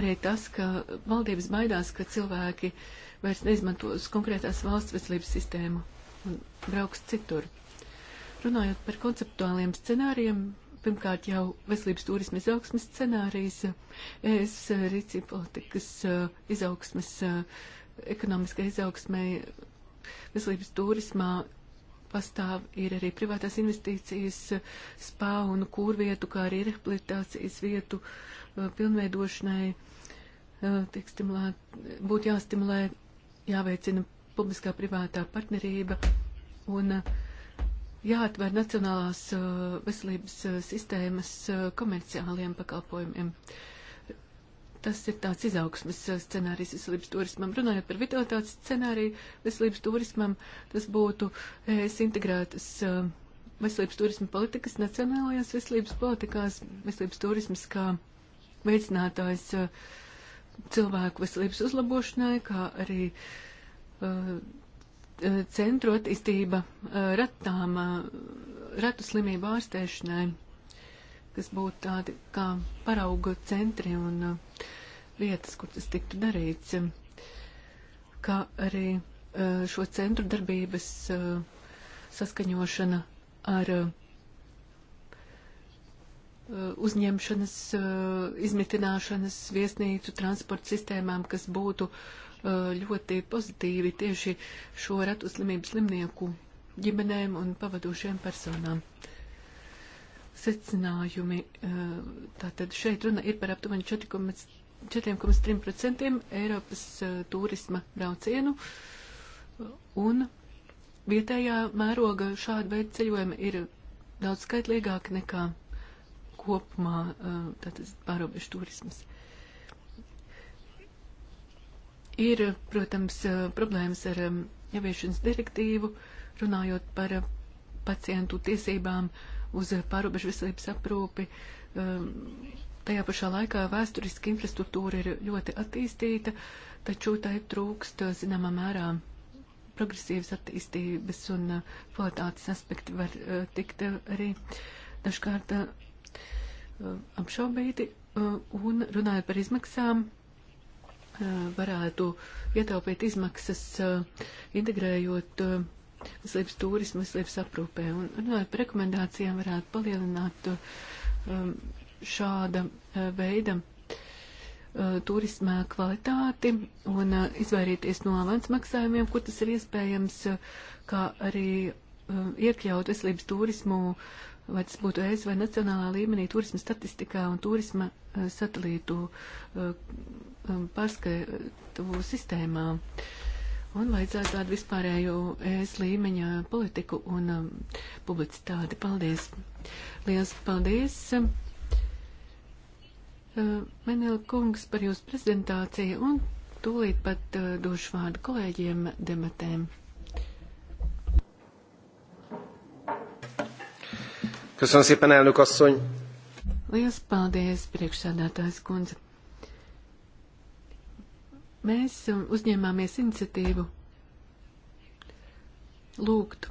arī tas, ka valdības baidās, ka cilvēki vairs neizmantos konkrētās valsts veselības sistēmu un brauks citur. Runājot par konceptuāliem scenārijiem, Pirmkārt jau veselības turisma izaugsmes scenārijas, es eh, rīcību politikas eh, izaugsmes, eh, ekonomiskai izaugsmai, veselības turismā pastāv ir arī privātās investīcijas, spā un kūrvietu, kā arī rehabilitācijas vietu pilnveidošanai, tiek stimulēt, būtu jāstimulē, jāveicina publiskā privātā partnerība un uh, jāatver nacionālās uh, veselības uh, sistēmas uh, komerciāliem pakalpojumiem. Tas ir tāds izaugsmes scenārijs veselības turismam. Runājot par vitalitātes scenāriju veselības turismam, tas būtu es integrētas veselības turisma politikas nacionālajās veselības politikās, veselības turismas kā veicinātājs cilvēku veselības uzlabošanai, kā arī uh, Eh, centru attīstība eh, ratām, eh, ratu slimību ārstēšanai, kas būtu tādi kā parauga centri un vietas, kur tas tiktu darīts, kā arī šo centru darbības saskaņošana ar uzņemšanas, izmitināšanas, viesnīcu, transporta sistēmām, kas būtu uh, Eh, ļoti pozitīvi tieši šo ratu slimību slimnieku ģimenēm un pavadošiem personām. Secinājumi. Eh, tātad šeit runa ir par aptuveni 4,3% Eiropas eh, turisma braucienu un vietējā mēroga šāda veida ceļojumi ir daudz skaitlīgāki nekā kopumā tātad pārobežu turismas. Ir, protams, eh, problēmas ar ieviešanas direktīvu, runājot par eh, pacientu tiesībām uz eh, pārobežu veselības aprūpi. Tajā pašā laikā vēsturiski infrastruktūra ir ļoti attīstīta, taču tai trūkst zināmā mērā progresīvas attīstības un kvalitātes aspekti var tikt arī dažkārt apšaubīti. Un runājot par izmaksām, varētu ietaupīt izmaksas, integrējot veselības turismu, veselības aprūpē. Un runājot par rekomendācijām, varētu palielināt šāda veida turisma kvalitāti un izvairīties no avans maksājumiem, kur tas ir iespējams, kā arī iekļaut veselības turismu uh, vai tas būtu ES vai nacionālā līmenī, turisma statistikā un turisma eh, satelītu eh, um, pārskatu sistēmā. Un vajadzētu tādu vispārēju ES līmeņa politiku un um, publicitāti. Paldies! Liels paldies! Eh, Menela kungs par jūsu prezentāciju un tūlīt pat došu vārdu kolēģiem debatēm. Köszönöm szépen, elnök asszony! Liels paldies, priekšsādātājs kundze! Mēs um, uzņēmāmies iniciatīvu lūgt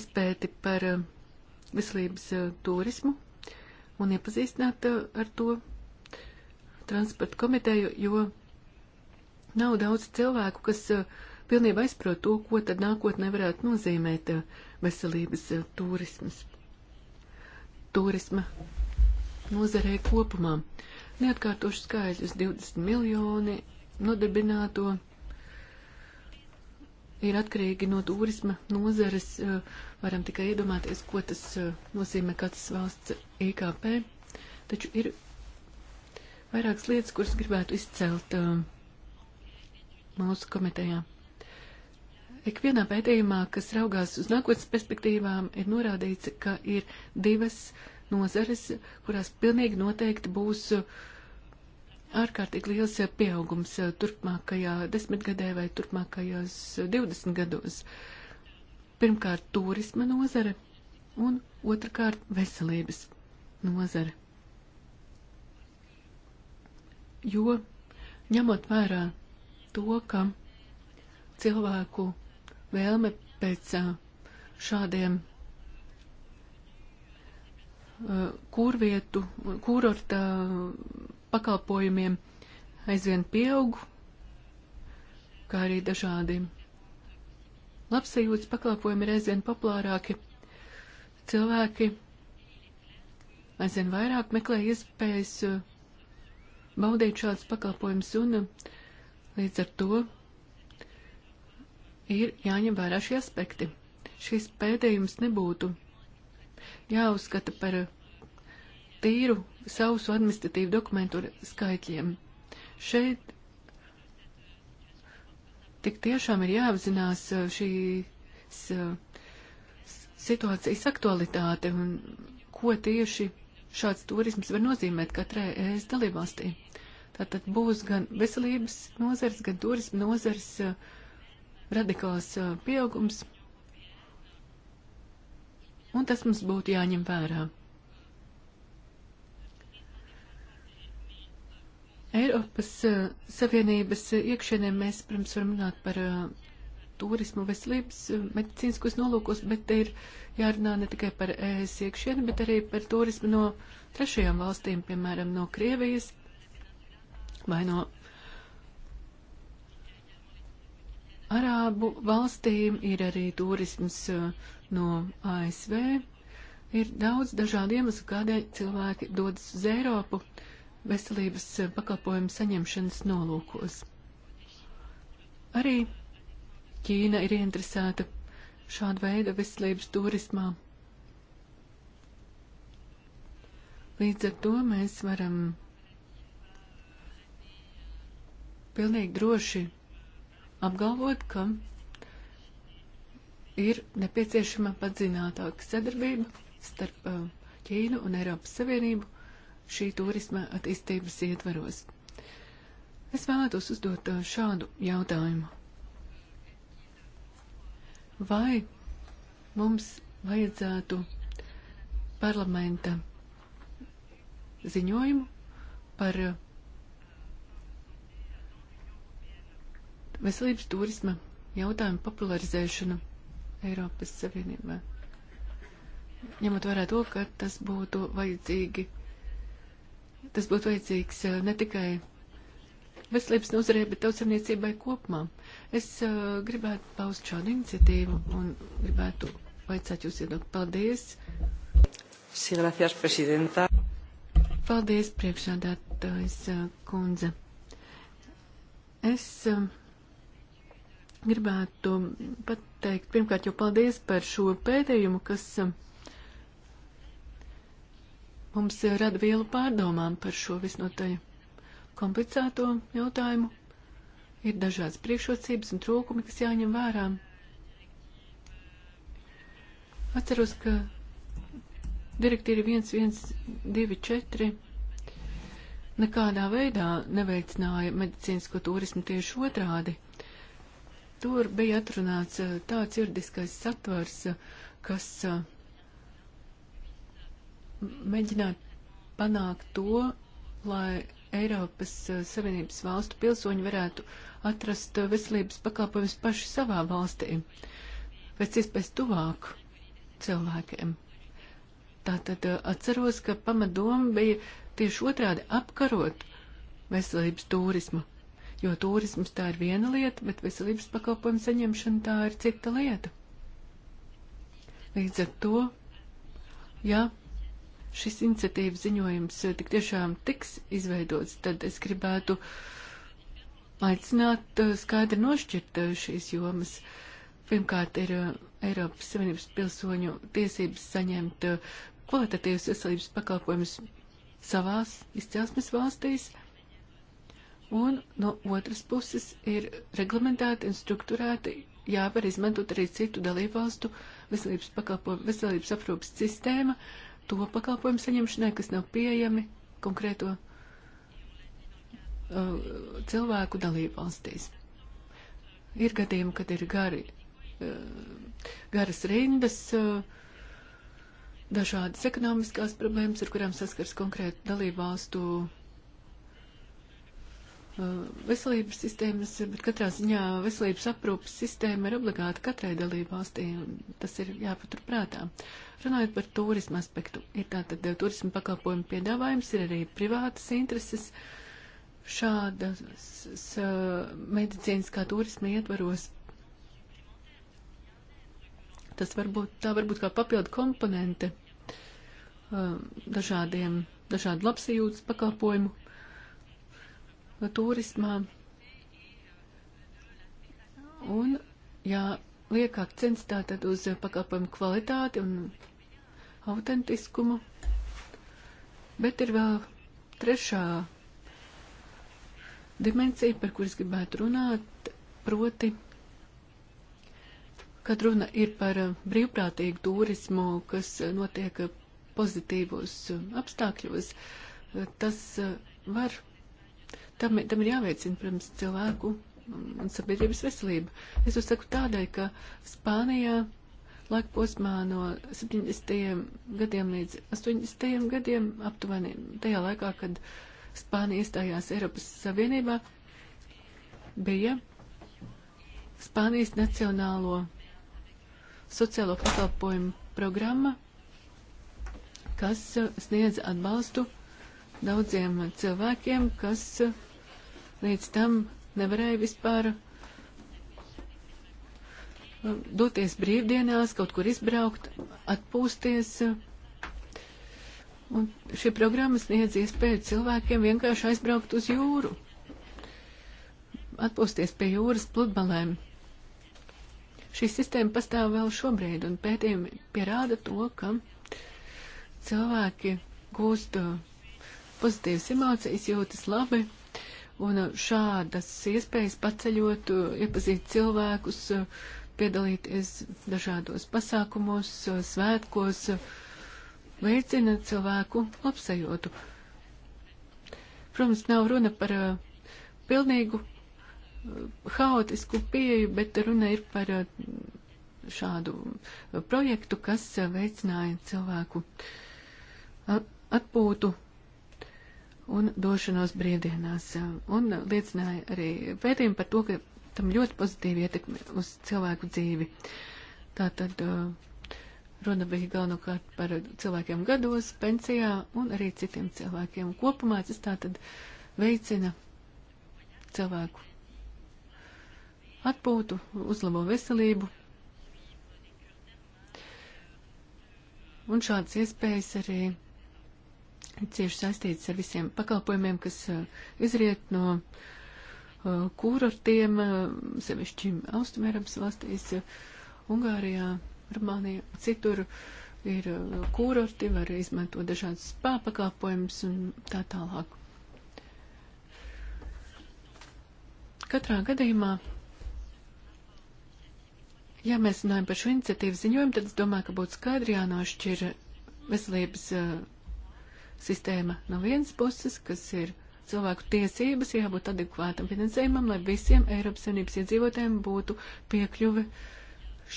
izpēti par um, veselības uh, turismu un iepazīstināt uh, ar to transporta komiteju, jo nav daudz cilvēku, kas uh, pilnībā izprot to, ko tad nākotnē varētu nozīmēt eh, veselības eh, turismas. Turisma nozarei kopumā. Neatkārtošu skaidrs 20 miljoni nodarbināto ir atkarīgi no turisma nozares. Eh, varam tikai iedomāties, ko tas nozīmē katras valsts IKP. Taču ir vairākas lietas, kuras gribētu izcelt mūsu komitejā. Ikvienā pētījumā, kas raugās uz nākotnes perspektīvām, ir norādīts, ka ir divas nozares, kurās pilnīgi noteikti būs ārkārtīgi liels pieaugums turpmākajā desmitgadē vai turpmākajos 20 gados. Pirmkārt, turisma nozare un otrkārt veselības nozare. Jo, ņemot vērā to, ka cilvēku vēlme pēc šādiem kurvietu, kurorta pakalpojumiem aizvien pieaug, kā arī dažādi labsajūtas pakalpojumi ir aizvien populārāki. Cilvēki aizvien vairāk meklē iespējas baudīt šādus pakalpojumus un līdz ar to ir jāņem vērā šie aspekti. Šis pētījums nebūtu jāuzskata par tīru sausu administratīvu dokumentu ar skaitļiem. Šeit tik tiešām ir jāapzinās uh, šīs uh, situācijas aktualitāte un ko tieši šāds turisms var nozīmēt katrai ES dalībvalstī. Tātad būs gan veselības nozars, gan turisma nozars uh, radikāls pieaugums, un tas mums būtu jāņem vērā. Eiropas Savienības iekšienē mēs, protams, varam runāt par turismu, veselības, medicīniskos nolūkos, bet te ir jārunā ne tikai par ES iekšienu, bet arī par turismu no trešajām valstīm, piemēram, no Krievijas vai no Arābu valstīm ir arī turisms uh, no ASV. Ir daudz dažādu iemeslu, kādēļ cilvēki dodas uz Eiropu veselības uh, pakalpojumu saņemšanas nolūkos. Arī Ķīna ir interesēta šāda veida veselības turismā. Līdz ar to mēs varam pilnīgi droši apgalvot, ka ir nepieciešama padzinātāka sadarbība starp uh, Ķīnu un Eiropas Savienību šī turisma attīstības ietvaros. Es vēlētos uzdot uh, šādu jautājumu. Vai mums vajadzētu parlamenta ziņojumu par uh, veselības turisma jautājumu popularizēšanu Eiropas Savienībā. Ņemot vērā to, ka tas būtu vajadzīgi, tas būtu vajadzīgs eh, ne tikai veselības nozarē, bet tautsamniecībai kopumā. Es uh, gribētu paust šādu iniciatīvu un gribētu vaicāt jūs iedot paldies. Sí, gracias, presidenta. Paldies, priekšādātājs eh, kundze. Es uh, gribētu pateikt pirmkārt jau paldies par šo pētījumu, kas um, mums rada vielu pārdomām par šo visnotaļ komplicēto jautājumu. Ir dažādas priekšrocības un trūkumi, kas jāņem vērā. Atceros, ka direktīva 1124 nekādā veidā neveicināja medicīnisko turismu tieši otrādi – Tur bija atrunāts eh, tāds juridiskais satvars, eh, kas eh, mēģināja panākt to, lai Eiropas Savienības valstu pilsoņi varētu atrast veselības pakalpojumus paši savā valstī, pēc iespējas tuvāk cilvēkiem. Tātad atceros, ka pamatdoma bija tieši otrādi apkarot veselības turismu jo turisms tā ir viena lieta, bet veselības pakalpojumu saņemšana tā ir cita lieta. Līdz ar to, ja šis iniciatīvas ziņojums eh, tik tiešām tiks izveidots, tad es gribētu aicināt eh, skaidri nošķirt eh, šīs jomas. Pirmkārt, ir Eiropas Savienības pilsoņu tiesības saņemt kvalitatīvas veselības pakalpojumus savās izcelsmes valstīs, un no otras puses ir reglamentēti un strukturēti jāvar izmantot arī citu dalībvalstu veselības, veselības aprūpas sistēma to pakalpojumu saņemšanai, kas nav pieejami konkrēto uh, cilvēku dalībvalstīs. Ir gadījumi, kad ir gari, uh, garas rindas, uh, dažādas ekonomiskās problēmas, ar kurām saskars konkrētu dalībvalstu valstu Eh, veselības sistēmas, bet katrā ziņā veselības aprūpas sistēma ir obligāta katrai dalībvalstī, un tas ir jāpaturprātā. Runājot par turismu aspektu, ir tātad eh, turismu pakalpojumu piedāvājums, ir arī privātas intereses. Šādas medicīnas kā turisma ietvaros. Tas varbūt, tā varbūt kā papildu komponente eh, dažādiem, dažādu labsajūtas pakalpojumu turismā. Un jāliek akcents tātad uz pakalpojumu kvalitāti un autentiskumu. Bet ir vēl trešā dimensija, par kuras gribētu runāt, proti, kad runa ir par brīvprātīgu turismu, kas notiek pozitīvos apstākļos, tas var Tam, tam ir jāveicina, protams, cilvēku un sabiedrības veselība. Es to saku tādai, ka Spānijā laika posmā no 70. gadiem līdz 80. gadiem, aptuveni tajā laikā, kad Spānija iestājās Eiropas Savienībā, bija Spānijas Nacionālo sociālo pakalpojumu programma, kas sniedz atbalstu daudziem cilvēkiem, kas uh, Līdz tam nevarēja vispār uh, doties brīvdienās, kaut kur izbraukt, atpūsties. Un šī programma sniedz iespēju cilvēkiem vienkārši aizbraukt uz jūru, atpūsties pie jūras pludmalēm. Šī sistēma pastāv vēl šobrīd, un pētījumi pierāda to, ka cilvēki gūst uh, pozitīvas emocijas, jūtas labi, Un šādas iespējas paceļot, iepazīt cilvēkus, piedalīties dažādos pasākumos, svētkos, veicina cilvēku labsajūtu. Protams, nav runa par uh, pilnīgu uh, haotisku pieju, bet runa ir par uh, šādu projektu, kas veicināja cilvēku atpūtu un došanos brīvdienās. Un liecināja arī pētījumi par to, ka tam ļoti pozitīvi ietekmi uz cilvēku dzīvi. Tātad uh, runa bija galvenokārt par cilvēkiem gados, pensijā un arī citiem cilvēkiem. Kopumā tas tātad veicina cilvēku atpūtu, uzlabo veselību. Un šādas iespējas arī cieši saistītas ar visiem pakalpojumiem, kas izriet no kūrortiem, sevišķi Austumērams valstīs, Ungārijā, Rumānijā, citur ir kūrorti, var izmantot dažādas spā pakalpojumus un tā tālāk. Katrā gadījumā, ja mēs runājam par šo iniciatīvu ziņojumu, tad es domāju, ka būtu skaidri jānošķir veselības uh, sistēma no vienas puses, kas ir cilvēku tiesības, jābūt adekvātam finansējumam, lai visiem Eiropas Savienības iedzīvotājiem būtu piekļuve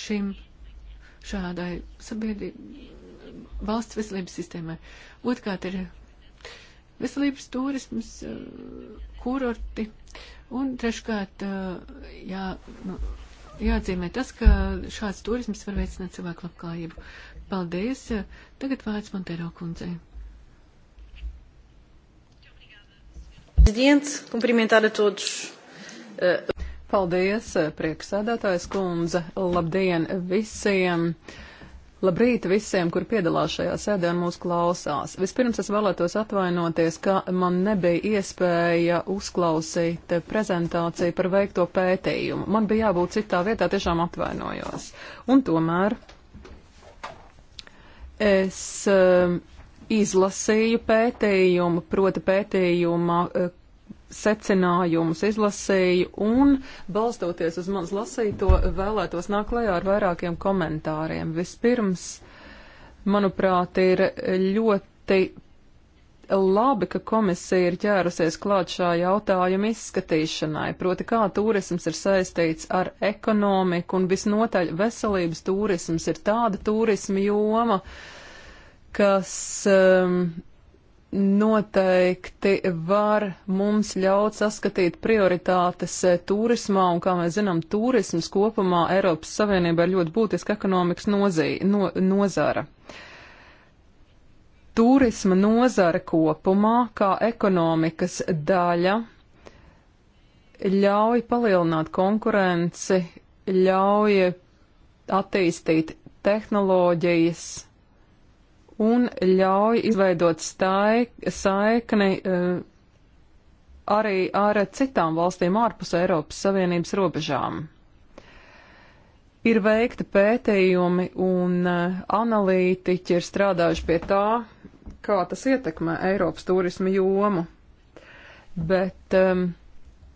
šim šādai sabiedrībai valsts veselības sistēmai. Otkārt ir veselības turisms, kurorti. Un treškārt, jā, nu, jāatzīmē tas, ka šāds turisms var veicināt cilvēku labklājību. Paldies! Tagad vārds Montero kundzei. Presidente, cumprimentar a todos. Paldies, prieksēdētājs kundze. Labdien visiem! Labrīt visiem, kur piedalās šajā sēdē un mūs klausās. Vispirms es vēlētos atvainoties, ka man nebija iespēja uzklausīt prezentāciju par veikto pētījumu. Man bija jābūt citā vietā, tiešām atvainojos. Un tomēr es eh, izlasīju pētījumu, proti pētījuma eh, secinājumus izlasīju un, balstoties uz manas lasīto, vēlētos nākt klajā ar vairākiem komentāriem. Vispirms, manuprāt, ir ļoti labi, ka komisija ir ķērusies klāt šā jautājuma izskatīšanai, proti kā turisms ir saistīts ar ekonomiku un visnotaļ veselības turisms ir tāda turisma joma, kas um, noteikti var mums ļaut saskatīt prioritātes eh, turismā, un kā mēs zinām, turisms kopumā Eiropas Savienībā ir ļoti būtiska ekonomikas nozī, no, nozara. Turisma nozara kopumā, kā ekonomikas daļa, ļauj palielināt konkurenci, ļauj attīstīt tehnoloģijas, un ļauj izveidot stai, saikni uh, arī ar citām valstīm ārpus Eiropas Savienības robežām. Ir veikti pētījumi un uh, analītiķi ir strādājuši pie tā, kā tas ietekmē Eiropas turisma jomu. Bet um,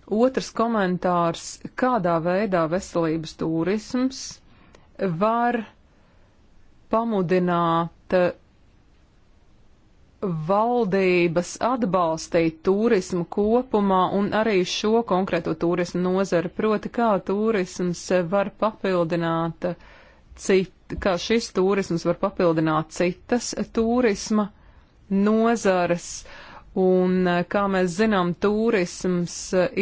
otrs komentārs, kādā veidā veselības turisms var pamudināt valdības atbalstīt turismu kopumā un arī šo konkrēto turismu nozari, proti kā turisms var papildināt cit, kā šis turisms var papildināt citas turisma nozares. Un, kā mēs zinām, turisms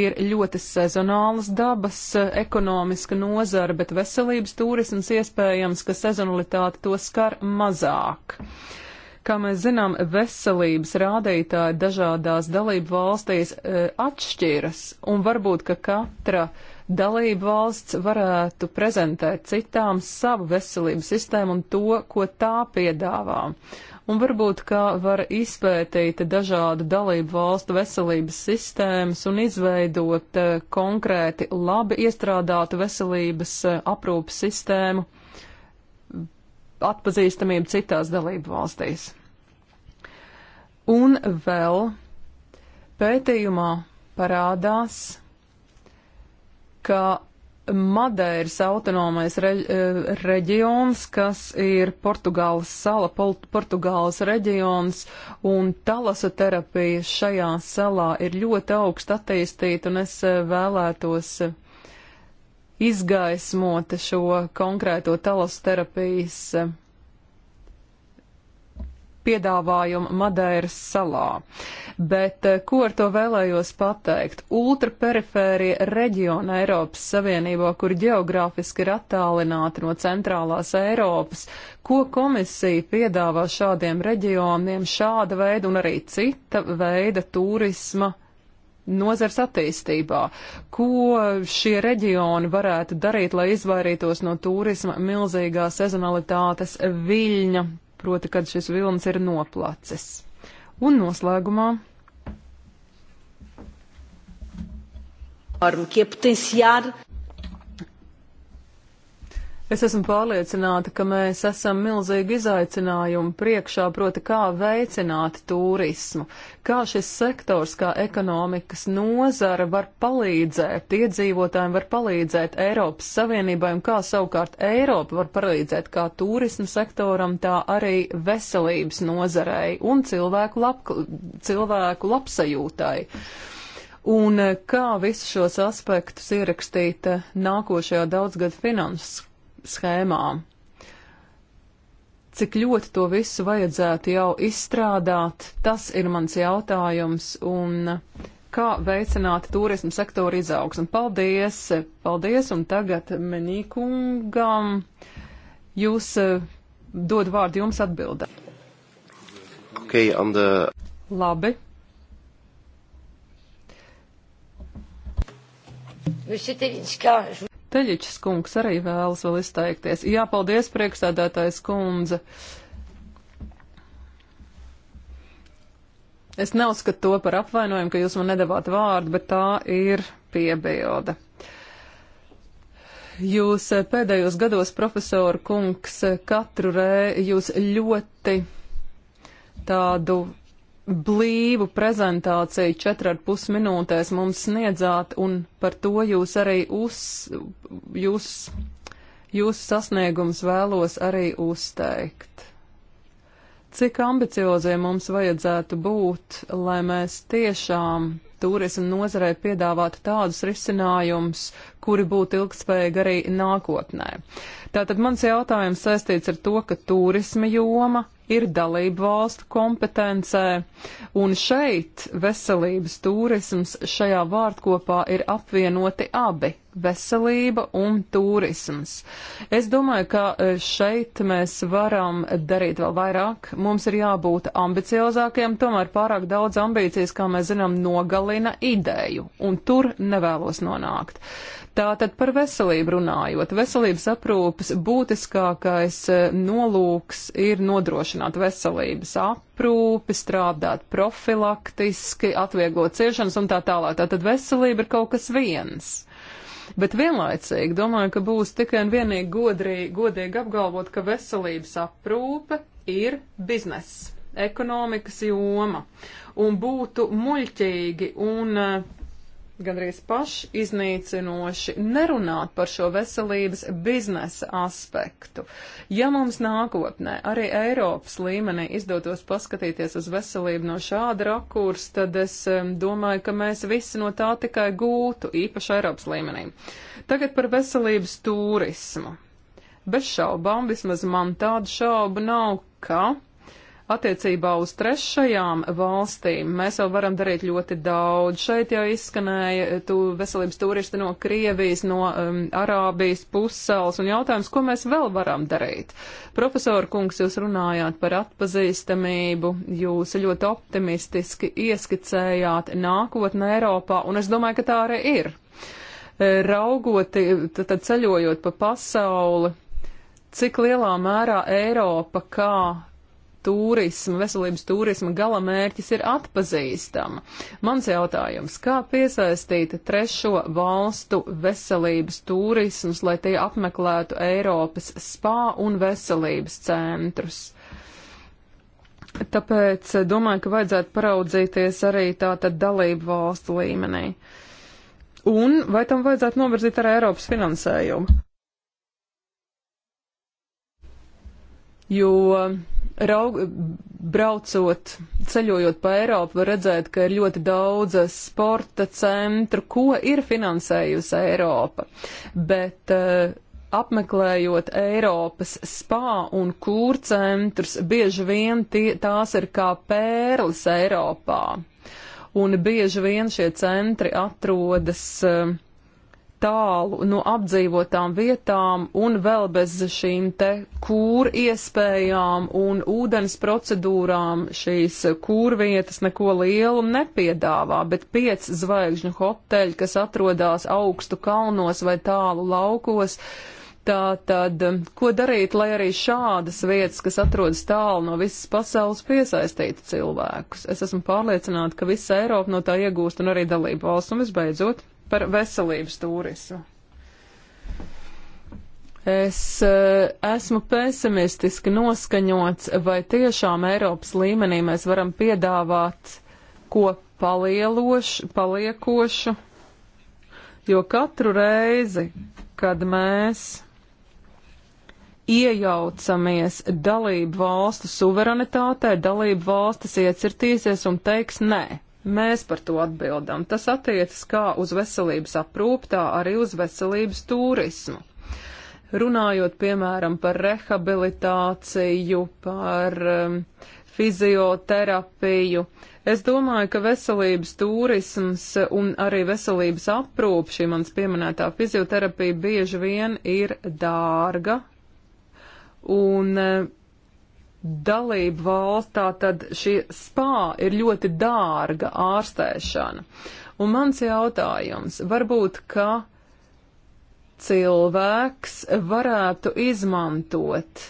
ir ļoti sezonāls dabas ekonomiska nozara, bet veselības turisms iespējams, ka sezonalitāte to skar mazāk. Uh, Kā mēs zinām, veselības rādītāji dažādās dalību valstīs e, atšķiras, un varbūt, ka katra dalību valsts varētu prezentēt citām savu veselības sistēmu un to, ko tā piedāvā. Un varbūt, ka var izpētīt dažādu dalību valstu veselības sistēmas un izveidot e, konkrēti labi iestrādātu veselības e, aprūpas sistēmu atpazīstamību citās dalību valstīs. Un vēl pētījumā parādās, ka Madeiras autonomais reģ eh, reģions, kas ir Portugāles sala, Portugāles reģions, un talasa terapija šajā salā ir ļoti augst attīstīta, un es eh, vēlētos eh, izgaismot šo konkrēto talasa terapijas piedāvājumu Madeiras salā. Bet eh, ko ar to vēlējos pateikt? Ultraperifērija reģiona Eiropas Savienībā, kur geogrāfiski ir attālināti no centrālās Eiropas, ko komisija piedāvā šādiem reģioniem šāda veida un arī cita veida turisma nozars attīstībā, ko šie reģioni varētu darīt, lai izvairītos no turisma milzīgā sezonalitātes viļņa proti, kad šis vilnis ir noplacis. Un noslēgumā. Varam, que potenciar Es esmu pārliecināta, ka mēs esam milzīgi izaicinājumu priekšā, proti kā veicināt turismu, kā šis sektors, kā ekonomikas nozara var palīdzēt, iedzīvotājiem var palīdzēt Eiropas Savienībai un kā savukārt Eiropa var palīdzēt kā turismu sektoram, tā arī veselības nozarei un cilvēku, lab, cilvēku labsajūtai un eh, kā visus šos aspektus ierakstīt eh, nākošajā daudzgad finanses schēmām. Cik ļoti to visu vajadzētu jau izstrādāt, tas ir mans jautājums, un kā veicināt turismu sektoru izaugsmu. Paldies, paldies, un tagad menīkungam jūs eh, dod vārdu jums atbildē. Okay, the... Labi. Monsieur Telinska, je... Teļiķis kungs arī vēlas vēl izteikties. Jā, paldies, priekšsēdētājs kundze. Es neuzskatu to par apvainojumu, ka jūs man nedavāt vārdu, bet tā ir piebilde. Jūs eh, pēdējos gados, profesoru kungs, katru reizi jūs ļoti tādu blīvu prezentāciju 4,5 minūtēs mums sniedzāt, un par to jūs arī uz, jūs, jūsu sasniegums vēlos arī uzteikt. Cik ambiciozie mums vajadzētu būt, lai mēs tiešām turismu nozarei piedāvātu tādus risinājumus, kuri būtu ilgspējīgi arī nākotnē. Tātad mans jautājums saistīts ar to, ka turisma joma ir dalību valstu kompetencē, un šeit veselības turisms šajā vārdkopā ir apvienoti abi - veselība un turisms. Es domāju, ka e, šeit mēs varam darīt vēl vairāk. Mums ir jābūt ambiciozākiem, tomēr pārāk daudz ambīcijas, kā mēs zinām, nogalina ideju, un tur nevēlos nonākt. Uh, Tātad par veselību runājot. Veselības aprūpes būtiskākais e, nolūks ir nodrošināt veselības aprūpi, strādāt profilaktiski, atvieglot ciešanas un tā tālāk. Tātad veselība ir kaut kas viens. Bet vienlaicīgi domāju, ka būs tikai un vienīgi godrīgi, godīgi apgalvot, ka veselības aprūpe ir bizness, ekonomikas joma. Un būtu muļķīgi un uh, gandrīz pašiznīcinoši nerunāt par šo veselības biznesa aspektu. Ja mums nākotnē arī Eiropas līmenī izdotos paskatīties uz veselību no šāda rakurs, tad es domāju, ka mēs visi no tā tikai gūtu, īpaši Eiropas līmenī. Tagad par veselības turismu. Bez šaubām, vismaz man tādu šaubu nav, ka Attiecībā uz trešajām valstīm mēs jau varam darīt ļoti daudz. Šeit jau izskanēja tu veselības turisti no Krievijas, no um, Arābijas pussals un jautājums, ko mēs vēl varam darīt. Profesor kungs, jūs runājāt par atpazīstamību, jūs ļoti optimistiski ieskicējāt nākotnē Eiropā, un es domāju, ka tā arī ir e, raugoti, tad ceļojot pa pasauli, cik lielā mērā Eiropa kā turisma, veselības turisma galamērķis ir atpazīstama. Mans jautājums, kā piesaistīt trešo valstu veselības turismus, lai tie apmeklētu Eiropas spā un veselības centrus? Tāpēc eh, domāju, ka vajadzētu paraudzīties arī tātad dalību valstu līmenī. Un vai tam vajadzētu novirzīt ar Eiropas finansējumu? Jo raug, braucot, ceļojot pa Eiropu, var redzēt, ka ir ļoti daudz sporta centru, ko ir finansējusi Eiropa. Bet uh, apmeklējot Eiropas spā un kūrcentrus, bieži vien tie, tās ir kā pērlis Eiropā. Un bieži vien šie centri atrodas uh, tālu no apdzīvotām vietām un vēl bez šīm te kūra iespējām un ūdens procedūrām šīs kūra vietas neko lielu nepiedāvā, bet piec zvaigžņu hoteļi, kas atrodās augstu kalnos vai tālu laukos, tā tad ko darīt, lai arī šādas vietas, kas atrodas tālu no visas pasaules, piesaistītu cilvēkus? Es esmu pārliecināta, ka visa Eiropa no tā iegūst un arī dalību valsts un visbeidzot par veselības turismu. Es e, esmu pesimistiski noskaņots, vai tiešām Eiropas līmenī mēs varam piedāvāt ko palielošu, paliekošu, jo katru reizi, kad mēs iejaucamies dalību valstu suverenitātē, dalību valstis iecirtīsies un teiks nē. Mēs par to atbildam. Tas attiecas kā uz veselības aprūpu, tā arī uz veselības turismu. Runājot, piemēram, par rehabilitāciju, par um, fizioterapiju, es domāju, ka veselības turisms un arī veselības aprūpe, šī mans pieminētā fizioterapija, bieži vien ir dārga un um, dalību valsts, tātad šī spā ir ļoti dārga ārstēšana. Un mans jautājums, varbūt, ka cilvēks varētu izmantot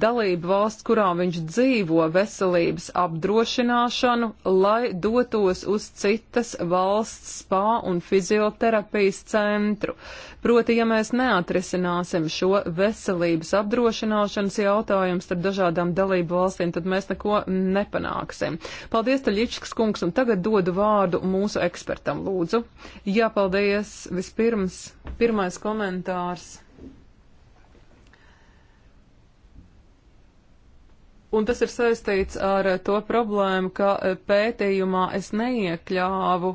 dalību valsts, kurā viņš dzīvo, veselības apdrošināšanu, lai dotos uz citas valsts spā un fizioterapijas centru. Proti, ja mēs neatrisināsim šo veselības apdrošināšanas jautājumu starp dažādām dalību valstīm, tad mēs neko nepanāksim. Paldies, Taļičkas kungs, un tagad dodu vārdu mūsu ekspertam, lūdzu. Jā, paldies. Vispirms, pirmais komentārs. Un tas ir saistīts ar eh, to problēmu, ka eh, pētījumā es neiekļāvu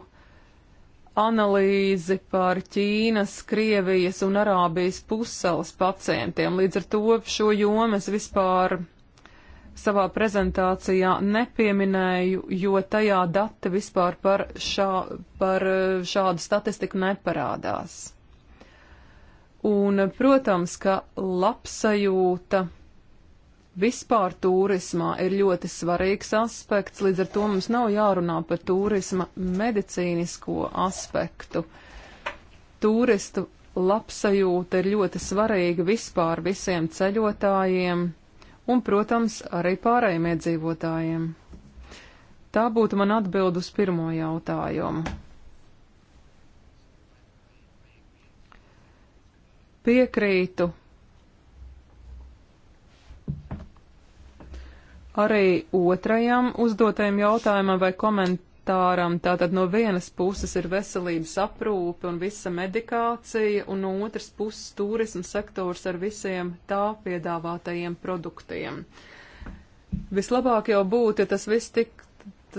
analīzi par Ķīnas, Krievijas un Arābijas pussalas pacientiem. Līdz ar to šo jomu es vispār savā prezentācijā nepieminēju, jo tajā dati vispār par, šā, par eh, šādu statistiku neparādās. Un, protams, ka labsajūta vispār turismā ir ļoti svarīgs aspekts, līdz ar to mums nav jārunā par turisma medicīnisko aspektu. Turistu labsajūta ir ļoti svarīga vispār visiem ceļotājiem un, protams, arī pārējiem iedzīvotājiem. Tā būtu man atbild uz pirmo jautājumu. Piekrītu arī otrajam uzdotajam jautājumam vai komentāram. Tātad no vienas puses ir veselības aprūpe un visa medikācija, un no otras puses turisma sektors ar visiem tā piedāvātajiem produktiem. Vislabāk jau būtu, ja tas viss tik,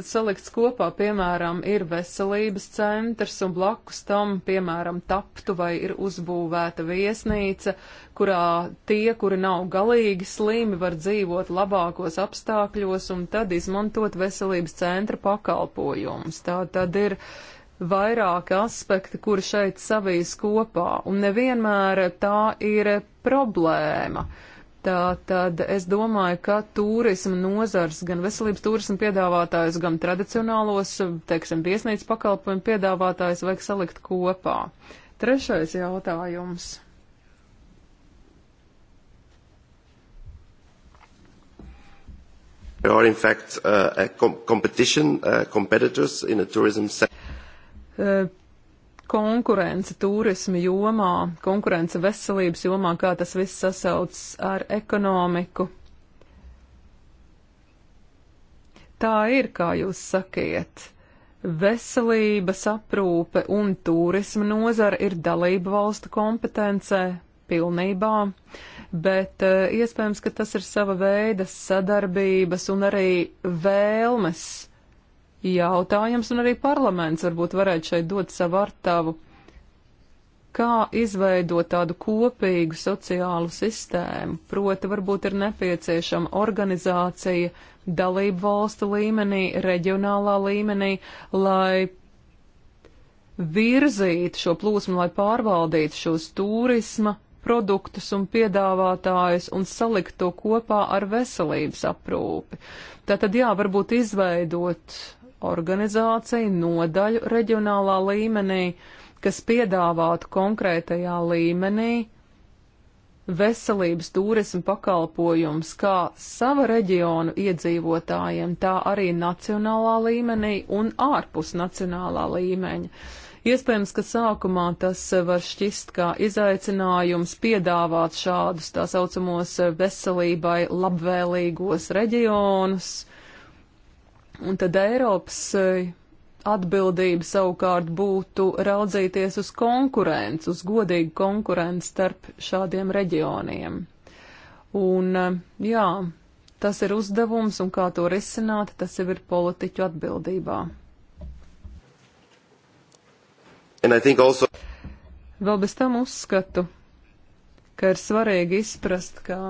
salikts kopā, piemēram, ir veselības centrs un blakus tam, piemēram, taptu vai ir uzbūvēta viesnīca, kurā tie, kuri nav galīgi slimi, var dzīvot labākos apstākļos un tad izmantot veselības centra pakalpojumus. Tā tad ir vairāki aspekti, kuri šeit savīs kopā, un nevienmēr tā ir problēma. Uh, Tā tad es domāju, ka turisma nozars, gan veselības turisma piedāvātājs, gan tradicionālos, teiksim, viesnīcas pakalpojumu piedāvātājs vajag salikt kopā. Trešais jautājums. There are in fact uh, competition uh, competitors in the tourism sector. Uh, konkurence turisma jomā, konkurence veselības jomā, kā tas viss sasaucas ar ekonomiku. Tā ir, kā jūs sakiet. Veselības aprūpe un turisma nozara ir dalība valstu kompetencē pilnībā, bet eh, iespējams, ka tas ir sava veida sadarbības un arī vēlmes jautājums, un arī parlaments varbūt varētu šeit dot savu artavu, kā izveidot tādu kopīgu sociālu sistēmu. Proti, varbūt ir nepieciešama organizācija dalību valstu līmenī, reģionālā līmenī, lai virzītu šo plūsmu, lai pārvaldītu šos turisma produktus un piedāvātājus un salikt to kopā ar veselības aprūpi. Tātad, jā, varbūt izveidot organizāciju, nodaļu reģionālā līmenī, kas piedāvātu konkrētajā līmenī veselības turismu pakalpojums kā sava reģionu iedzīvotājiem, tā arī nacionālā līmenī un ārpus nacionālā līmeņa. Iespējams, ka sākumā tas var šķist kā izaicinājums piedāvāt šādus tā saucamos veselībai labvēlīgos reģionus, Un tad Eiropas eh, atbildība savukārt būtu raudzīties uz konkurenci, uz godīgu konkurenci starp šādiem reģioniem. Un eh, jā, tas ir uzdevums un kā to risināt, tas jau ir politiķu atbildībā. Also... Vēl bez tam uzskatu, ka ir svarīgi izprast, ka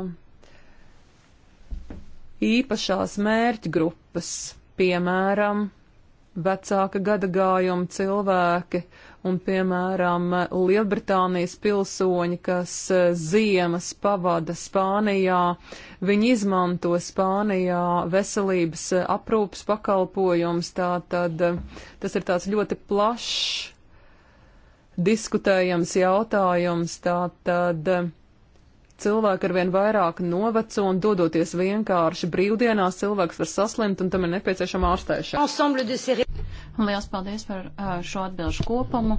īpašās mērķgrupas grupas piemēram, vecāka gadagājuma cilvēki un, piemēram, Lielbritānijas pilsoņi, kas eh, ziemas pavada Spānijā, viņi izmanto Spānijā veselības eh, aprūpas pakalpojums, tātad eh, tas ir tāds ļoti plašs diskutējams jautājums, tātad. Tā, cilvēki arvien vairāk noveco un dodoties vienkārši brīvdienās, cilvēks var saslimt un tam ir nepieciešama ārstēšana. Lielas paldies par uh, šo atbilžu kopumu.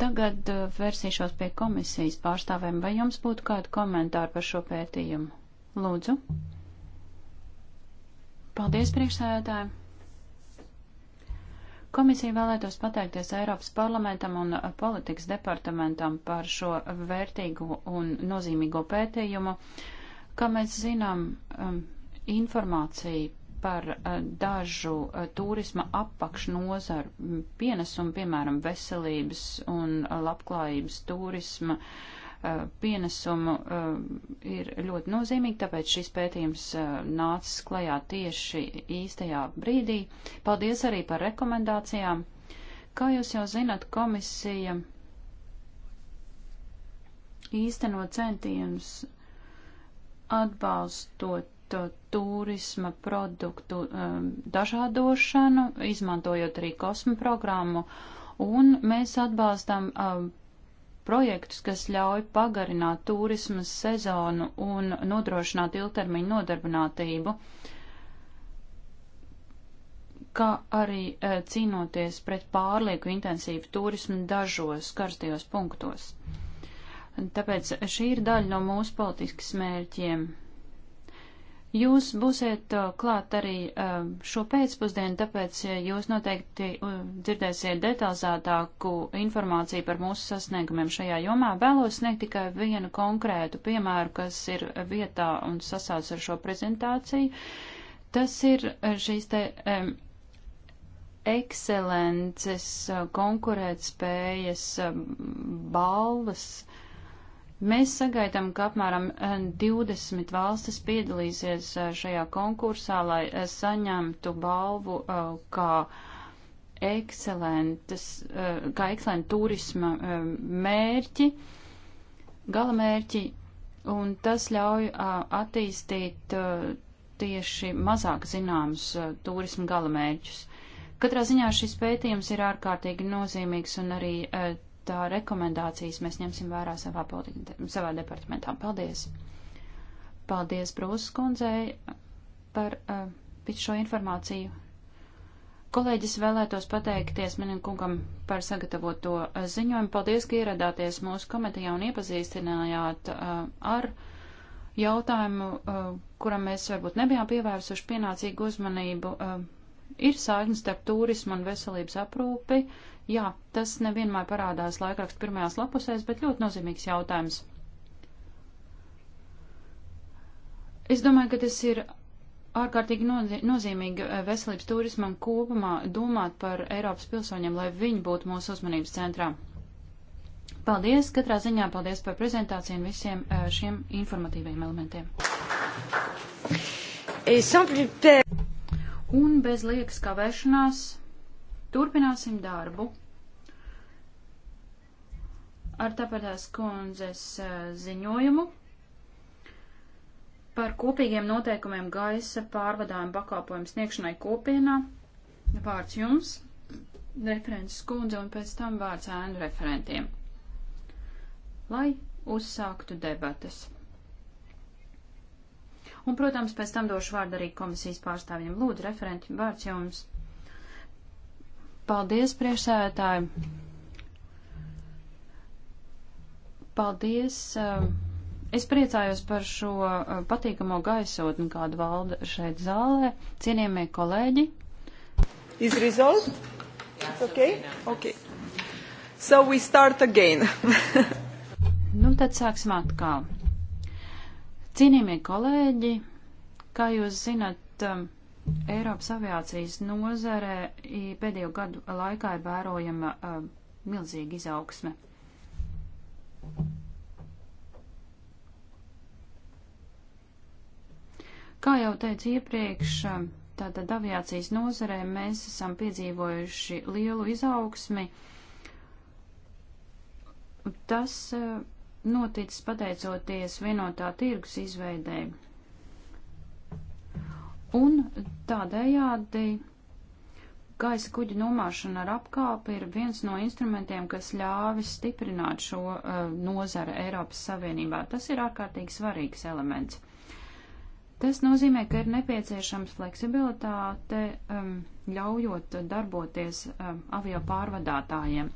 Tagad uh, versīšos pie komisijas pārstāvēm. Vai jums būtu kādi komentāri par šo pētījumu? Lūdzu. Paldies, priekšsēdētāji. Komisija vēlētos pateikties Eiropas parlamentam un politikas departamentam par šo vērtīgu un nozīmīgo pētījumu. Kā mēs zinām, um, informācija par uh, dažu uh, turisma apakšnozaru pienesumu, piemēram, veselības un uh, labklājības turisma, uh, Eh, pienesumu eh, ir ļoti nozīmīgi, tāpēc šis pētījums eh, nācis klajā tieši īstajā brīdī. Paldies arī par rekomendācijām. Kā jūs jau zinat, komisija īsteno centienus atbalstot turisma produktu dažādošanu, izmantojot arī kosmu programmu, un mēs atbalstam projektus, kas ļauj pagarināt turisma sezonu un nodrošināt ilgtermiņu nodarbinātību, kā arī eh, cīnoties pret pārlieku intensīvu turismu dažos karstajos punktos. Tāpēc šī ir daļa no mūsu politikas mērķiem Jūs būsiet uh, klāt arī uh, šo pēcpusdienu, tāpēc jūs noteikti uh, dzirdēsiet detalizētāku informāciju par mūsu sasniegumiem šajā jomā. Vēlos sniegt tikai vienu konkrētu piemēru, kas ir vietā un sasauc ar šo prezentāciju. Tas ir šīs te um, ekscelences konkurētspējas um, balvas. Um, Mēs sagaidām, ka apmēram 20 eh, valstis piedalīsies eh, šajā konkursā, lai eh, saņemtu balvu kā ekscelentas, kā ekscelenta turisma mērķi, galamērķi, un tas ļauj attīstīt tieši mazāk zināmus turisma galamērķus. Katrā ziņā šis pētījums ir ārkārtīgi nozīmīgs un arī bet uh, rekomendācijas mēs ņemsim vērā savā, politika, savā departamentā. Paldies! Paldies Brūsas kundzei par uh, šo informāciju. Kolēģis vēlētos pateikties manim kungam par sagatavoto eh, ziņojumu. Paldies, ka ieradāties mūsu komitejā un iepazīstinājāt uh, ar jautājumu, uh, kuram mēs varbūt nebijām pievērsuši pienācīgu uzmanību. Uh, ir saiknes starp turismu un veselības aprūpi, Jā, tas nevienmēr parādās laikrakstu pirmajās lapusēs, bet ļoti nozīmīgs jautājums. Es domāju, ka tas ir ārkārtīgi nozīmīgi eh, veselības turismam kopumā domāt par Eiropas pilsoņiem, lai viņi būtu mūsu uzmanības centrā. Paldies, katrā ziņā paldies par prezentāciju un visiem eh, šiem informatīviem elementiem. Un bez liekas kavēšanās turpināsim darbu ar tāpatās kundzes ziņojumu par kopīgiem noteikumiem gaisa pārvadājumu pakalpojumu sniegšanai kopienā. Vārds jums, referents skundze, un pēc tam vārds ēnu referentiem, lai uzsāktu debatas. Un, protams, pēc tam došu vārdu arī komisijas pārstāvjiem. Lūdzu, referenti, vārds jums. Paldies, priekšsēdētāji! Paldies! Es priecājos par šo eh, patīkamo gaisotni, kādu valda šeit zālē. Cienījamie kolēģi! Is resolved? Okay? Okay. So we start again. nu, tad sāksim atkal. Cienījamie kolēģi, kā jūs zinat, Eiropas aviācijas nozare pēdējo gadu laikā ir vērojama milzīga izaugsme. Kā jau teicu iepriekš, tātad aviācijas nozarē mēs esam piedzīvojuši lielu izaugsmi. Tas eh, noticis pateicoties vienotā tirgus izveidēji. Un tādējādi Gaisa kuģi nomāšana ar apkāpi ir viens no instrumentiem, kas ļāvis stiprināt šo uh, nozara Eiropas Savienībā. Tas ir ārkārtīgi svarīgs elements. Tas nozīmē, ka ir nepieciešams fleksibilitāte, um, ļaujot darboties um, avio pārvadātājiem.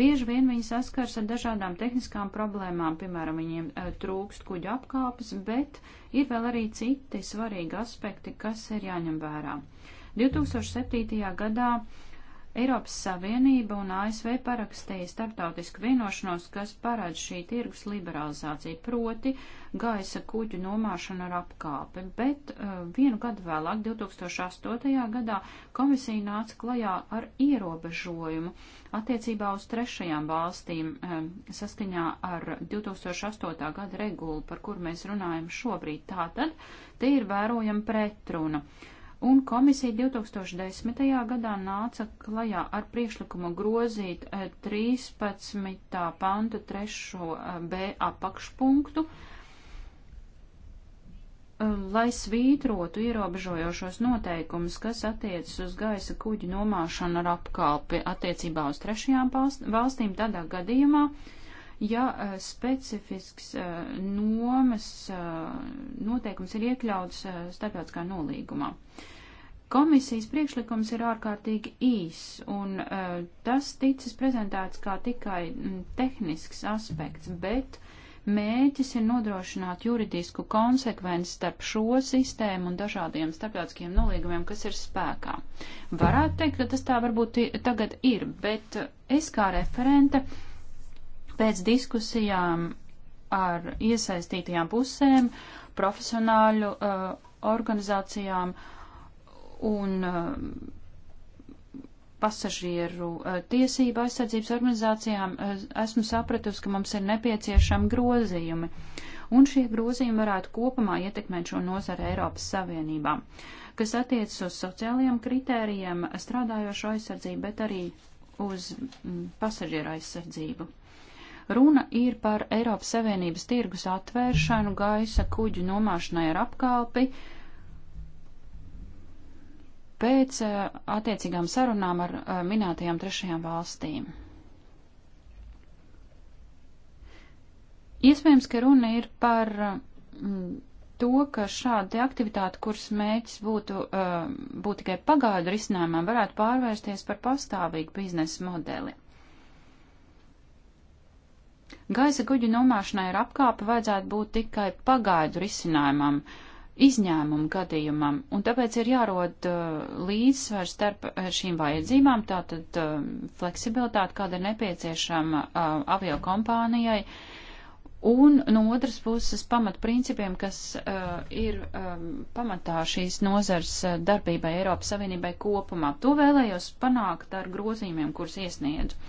Bieži vien viņi saskars ar dažādām tehniskām problēmām, piemēram, viņiem uh, trūkst kuģa apkāpes, bet ir vēl arī citi svarīgi aspekti, kas ir jāņem vērā. Uh, 2007. gadā Eiropas Savienība un ASV parakstīja starptautisku vienošanos, kas parāda šī tirgus liberalizāciju, proti gaisa kuģu nomāšanu ar apkāpi, bet uh, vienu gadu vēlāk, 2008. gadā, komisija nāca klajā ar ierobežojumu attiecībā uz trešajām valstīm um, saskaņā ar 2008. gada regulu, par kur mēs runājam šobrīd. Tātad te ir vērojama pretruna. Uh, un komisija 2010. gadā nāca klajā ar priekšlikumu grozīt 13. Eh, panta 3b eh, apakšpunktu, eh, lai svītrotu ierobežojošos noteikumus, kas attiecas uz gaisa kuģu nomāšanu ar apkalpi attiecībā uz trešajām valstīm tādā gadījumā, uh, Ja eh, specifisks eh, nomas eh, noteikums ir iekļauts starptautiskā nolīgumā. Komisijas priekšlikums ir ārkārtīgi īs, un uh, tas ticis prezentēts kā tikai m, mm, tehnisks aspekts, bet mēķis ir nodrošināt juridisku konsekvenci starp šo sistēmu un dažādiem starptautiskiem nolīgumiem, kas ir spēkā. Varētu teikt, ka tas tā varbūt tagad ir, bet es kā referente uh, Pēc diskusijām ar iesaistītajām pusēm, profesionāļu uh, organizācijām un uh, pasažieru uh, tiesību aizsardzības organizācijām uh, esmu sapratusi, ka mums ir nepieciešami grozījumi. Un šie grozījumi varētu kopumā ietekmēt šo nozaru Eiropas Savienībā, kas attiecas uz sociālajiem kritērijiem, strādājošo aizsardzību, bet arī uz mm, pasažieru aizsardzību. Runa ir par Eiropas Savienības tirgus atvēršanu gaisa kuģu nomāšanai ar apkalpi pēc eh, attiecīgām sarunām ar eh, minētajām trešajām valstīm. Iespējams, ka runa ir par mm, to, ka šāda aktivitāte, kuras mēģis būtu eh, būt tikai pagaidu risinājumam, varētu pārvērsties par pastāvīgu biznesa modeli. Gaisa kuģu nomāšanai ar apkāpi vajadzētu būt tikai pagaidu risinājumam, izņēmumu gadījumam, un tāpēc ir jārod uh, līdzsvars starp uh, šīm vajadzībām, tātad uh, fleksibilitāte, kāda ir nepieciešama uh, avio kompānijai, un no otras puses pamatprincipiem, kas uh, ir um, pamatā šīs nozars uh, darbībai Eiropas Savienībai kopumā. To vēlējos panākt ar grozījumiem, kurus iesniedzu.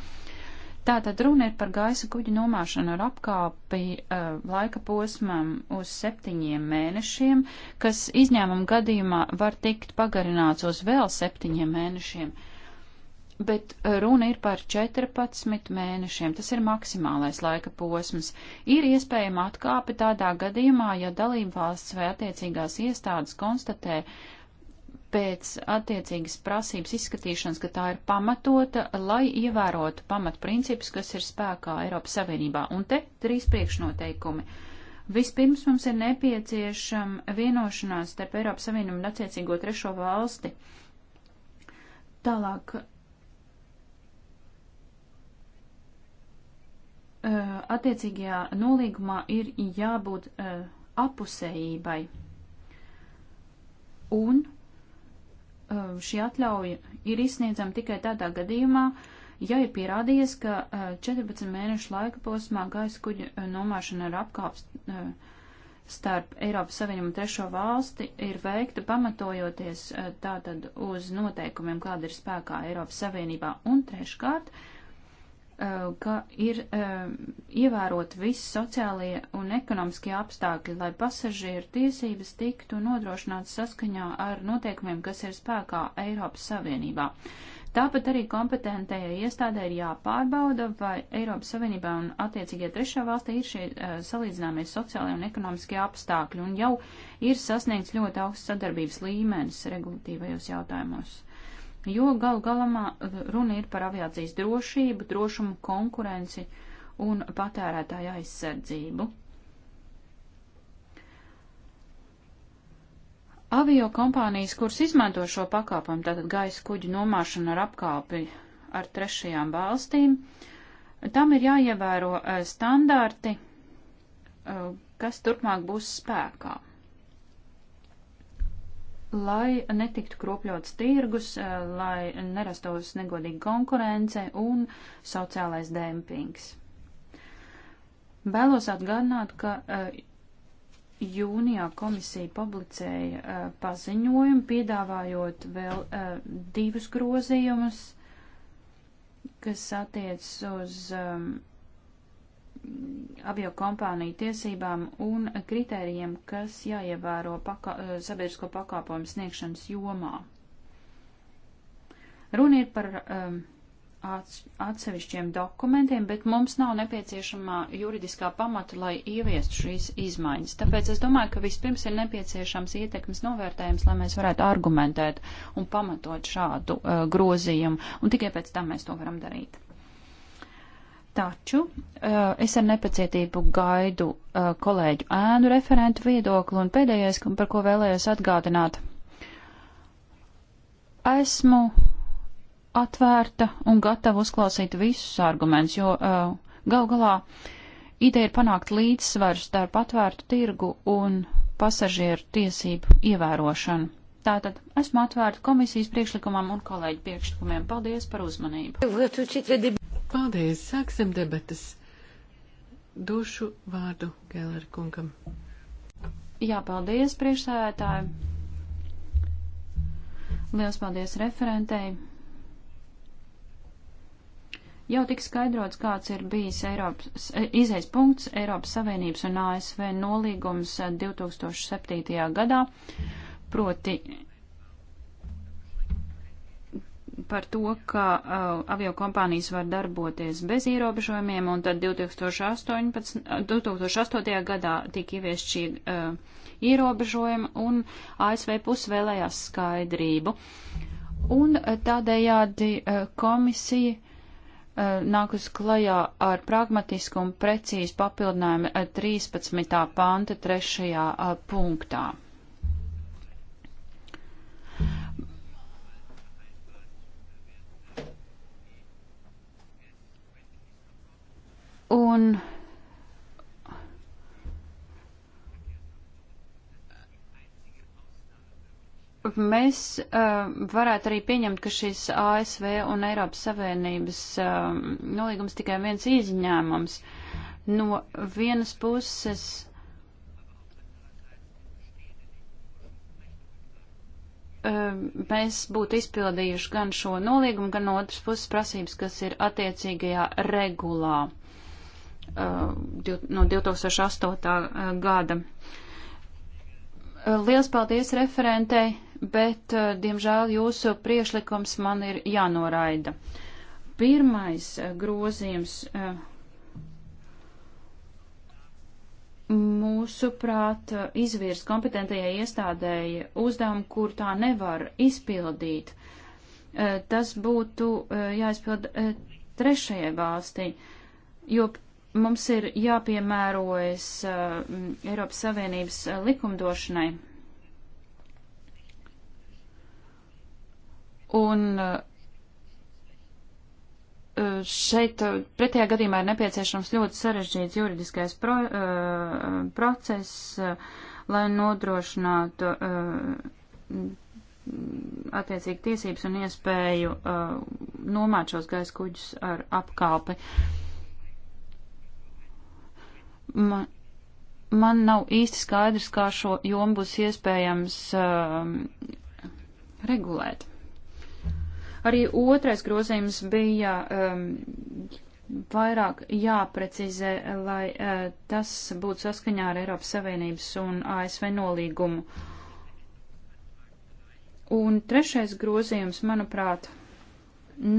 Tātad runa ir par gaisa kuģu nomāšanu ar apkāpi uh, laika posmam uz septiņiem mēnešiem, kas izņēmuma gadījumā var tikt pagarināts uz vēl septiņiem mēnešiem. Bet eh, runa ir par 14 mēnešiem, tas ir maksimālais laika posms. Ir iespējama atkāpe tādā gadījumā, ja dalībvalsts vai attiecīgās iestādes konstatē, uh, pēc attiecīgas prasības izskatīšanas, ka tā ir pamatota, lai ievērotu pamatprincipus, kas ir spēkā Eiropas Savienībā. Un te trīs priekšnoteikumi. Vispirms mums ir nepieciešama vienošanās starp Eiropas Savienību un attiecīgo trešo valsti. Tālāk eh, attiecīgajā nolīgumā ir jābūt eh, apusējībai. Un Um, šī atļauja ir izsniedzama tikai tādā gadījumā, ja ir pierādījies, ka 14 uh, mēnešu laika posmā gaisa kuģa uh, nomāšana ar apkāps uh, starp Eiropas Savienību un trešo valsti ir veikta pamatojoties tātad uz noteikumiem, kāda ir spēkā Eiropas Savienībā. Un treškārt, Uh, ka ir uh, ievērot visi sociālie un ekonomiskie apstākļi, lai pasažieru tiesības tiktu nodrošināts saskaņā ar noteikumiem, kas ir spēkā Eiropas Savienībā. Tāpat arī kompetentējai iestādē ir jāpārbauda, vai Eiropas Savienībā un attiecīgie trešā valstī ir šie uh, salīdzināmie sociālie un ekonomiskie apstākļi, un jau ir sasniegts ļoti augsts sadarbības līmenis regulatīvajos jautājumos jo gal galamā eh, runa ir par aviācijas drošību, drošumu, konkurenci un patērētāju aizsardzību. Avio kompānijas, kuras izmanto šo pakāpojumu, tātad gaisa kuģu nomāšana ar apkalpi ar trešajām valstīm, tam ir jāievēro eh, standarti, eh, kas turpmāk būs spēkā lai netiktu kropļots tirgus, eh, lai nerastos negodīga konkurence un sociālais dempings. Vēlos atgādināt, ka eh, jūnijā komisija publicēja eh, paziņojumu, piedāvājot vēl divus grozījumus, kas attiec uz ehm, avio kompāniju tiesībām un kritērijiem, kas jāievēro pakā, eh, sabiedrisko pakāpojumu sniegšanas jomā. Runa ir par um, atsevišķiem dokumentiem, bet mums nav nepieciešamā juridiskā pamata, lai ieviestu šīs izmaiņas. Tāpēc es domāju, ka vispirms ir nepieciešams ietekmes novērtējums, lai mēs varētu argumentēt un pamatot šādu uh, grozījumu, un tikai pēc tam mēs to varam darīt. Taču eh, es ar nepacietību gaidu eh, kolēģu ēnu referentu viedokli un pēdējais, par ko vēlējos atgādināt. Esmu atvērta un gatava uzklausīt visus argumentus, jo eh, gal galā ideja ir panākt līdzsvaru starp atvērtu tirgu un pasažieru tiesību ievērošanu. Tātad esmu atvērta komisijas priekšlikumam un kolēģi priekšlikumiem. Paldies par uzmanību. Paldies, sāksim debatas. Došu vārdu Gēlera kungam. Jā, paldies priekšsēdētāji. Liels paldies referentei. Jau tik skaidrots, kāds ir bijis Eiropas, izējas punkts Eiropas Savienības un ASV nolīgums 2007. Eh, gadā. Mm proti par to, ka uh, avio kompānijas var darboties bez ierobežojumiem, un tad 2018, 2008. Uh, gadā tika ieviest šī uh, ierobežojuma, un ASV puses vēlējās skaidrību. Un uh, tādējādi uh, komisija uh, nāk uz klajā ar pragmatisku un precīzu papildinājumu uh, 13. panta 3. Uh, punktā. Un mēs uh, varētu arī pieņemt, ka šis ASV un Eiropas Savienības uh, nolīgums tikai viens izņēmums. No vienas puses. Uh, mēs būtu izpildījuši gan šo nolīgumu, gan no otras puses prasības, kas ir attiecīgajā regulā. Uh, Uh, no 2008. Uh, gada. Uh, liels paldies referentei, bet, diemžēl, jūsu priešlikums man ir jānoraida. Pirmais grozījums mūsuprāt izvirs kompetentajai iestādēji uzdevumu, kur tā nevar izpildīt. Tas būtu jāizpild trešajai valstī, jo mums ir jāpiemērojas uh, Eiropas Savienības uh, likumdošanai. Un uh, uh šeit uh, pretējā gadījumā ir nepieciešams ļoti sarežģīts juridiskais pro, uh, process, uh, lai nodrošinātu uh, attiecīgi tiesības un iespēju uh, nomāt šos gaisa kuģus ar apkalpi. Uh, Man, man nav īsti skaidrs, kā šo jomu būs iespējams um, regulēt. Arī otrais grozījums bija um, vairāk jāprecizē, lai uh, tas būtu saskaņā ar Eiropas Savienības un ASV nolīgumu. Un trešais grozījums, manuprāt,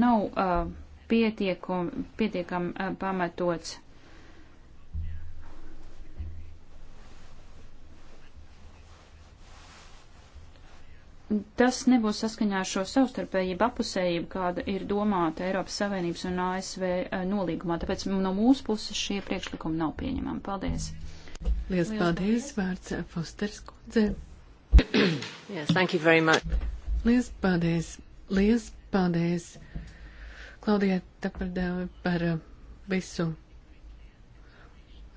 nav uh, pietiekami pietiekam, uh, pamatots. tas nebūs saskaņā ar šo savstarpējību, apusējību, kāda ir domāta Eiropas Savienības un ASV eh, nolīgumā. Tāpēc no mūsu puses šie priekšlikumi nav pieņemami. Paldies! Lielas paldies, paldies, vārds eh, Fosters kundze. yes, thank you very much. Lielas paldies, lielas paldies, Klaudijai Tapardēvi par eh, visu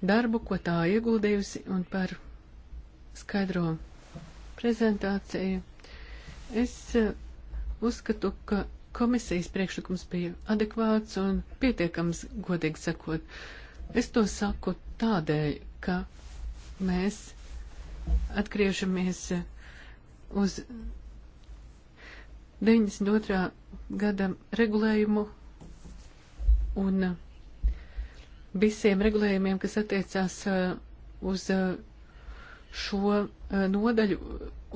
darbu, ko tā ieguldījusi un par skaidro prezentāciju. Es eh, uzskatu, ka komisijas priekšlikums bija adekvāts un pietiekams, godīgi sakot. Es to saku tādēļ, ka mēs atgriežamies eh, uz 92. gada regulējumu un eh, visiem regulējumiem, kas attiecās uz šo nodaļu.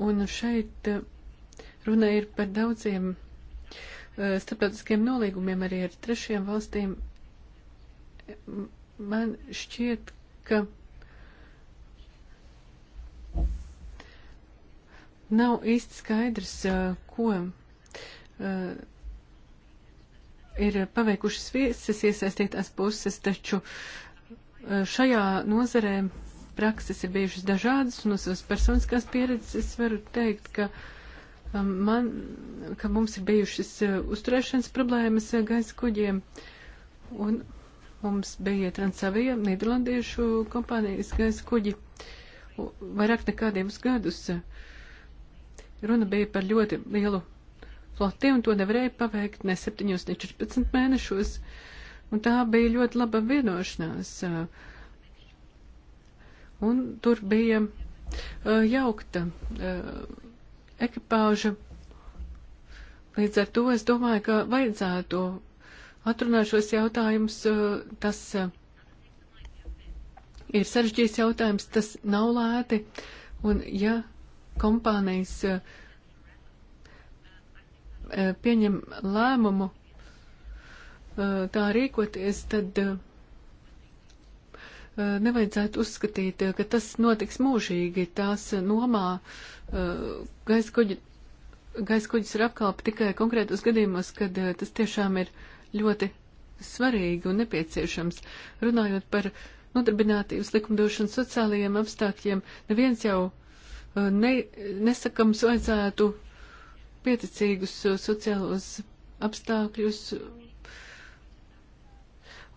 Un šeit Runa ir par daudziem eh, starptautiskiem nolīgumiem arī ar trešiem valstīm. Man šķiet, ka nav īsti skaidrs, eh, ko eh, ir paveikušas visas iesaistītās puses, taču šajā nozarē prakses ir bijušas dažādas, un no savas personiskās pieredzes es varu teikt, ka uh, Um, man, ka mums ir bijušas uh, uzturēšanas problēmas uh, gaisa kuģiem. Un mums bija Transavija, Nīderlandiešu kompānijas gaisa kuģi, vairāk nekā divus gadus. Runa bija par ļoti lielu floti, un to nevarēja paveikt ne 7, ne 14 mēnešos. Un tā bija ļoti laba vienošanās. Un tur bija uh, jaukta ekipāža. Līdz ar to es domāju, ka vajadzētu atrunāt šos jautājumus. Uh, tas uh, ir sarežģīts jautājums, tas nav lēti. Un ja kompānijas uh, pieņem lēmumu tā rīkoties, tad nevajadzētu uzskatīt, ka tas notiks mūžīgi. Tās nomā Eh, gaisa kuģi, gaisa kuģis ir apkalpa tikai konkrētos gadījumos, kad eh, tas tiešām ir ļoti svarīgi un nepieciešams. Runājot par nodarbinātības likumdošanu sociālajiem apstākļiem, neviens jau eh, ne, nesakams vajadzētu pieticīgus sociālos apstākļus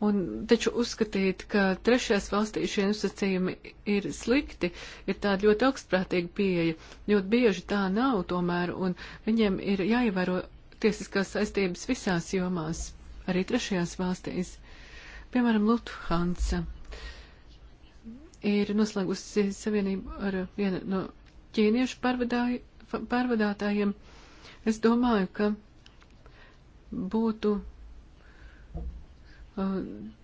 Un taču uzskatīt, ka trešajās valstīs šie nosacījumi ir slikti, ir tāda ļoti augstprātīga pieeja. Ļoti bieži tā nav tomēr, un viņiem ir jāievēro tiesiskās saistības visās jomās, arī trešajās valstīs. Piemēram, Lufthansa ir noslēgusi savienību ar vienu no ķīniešu pārvadātājiem. Es domāju, ka būtu Uh,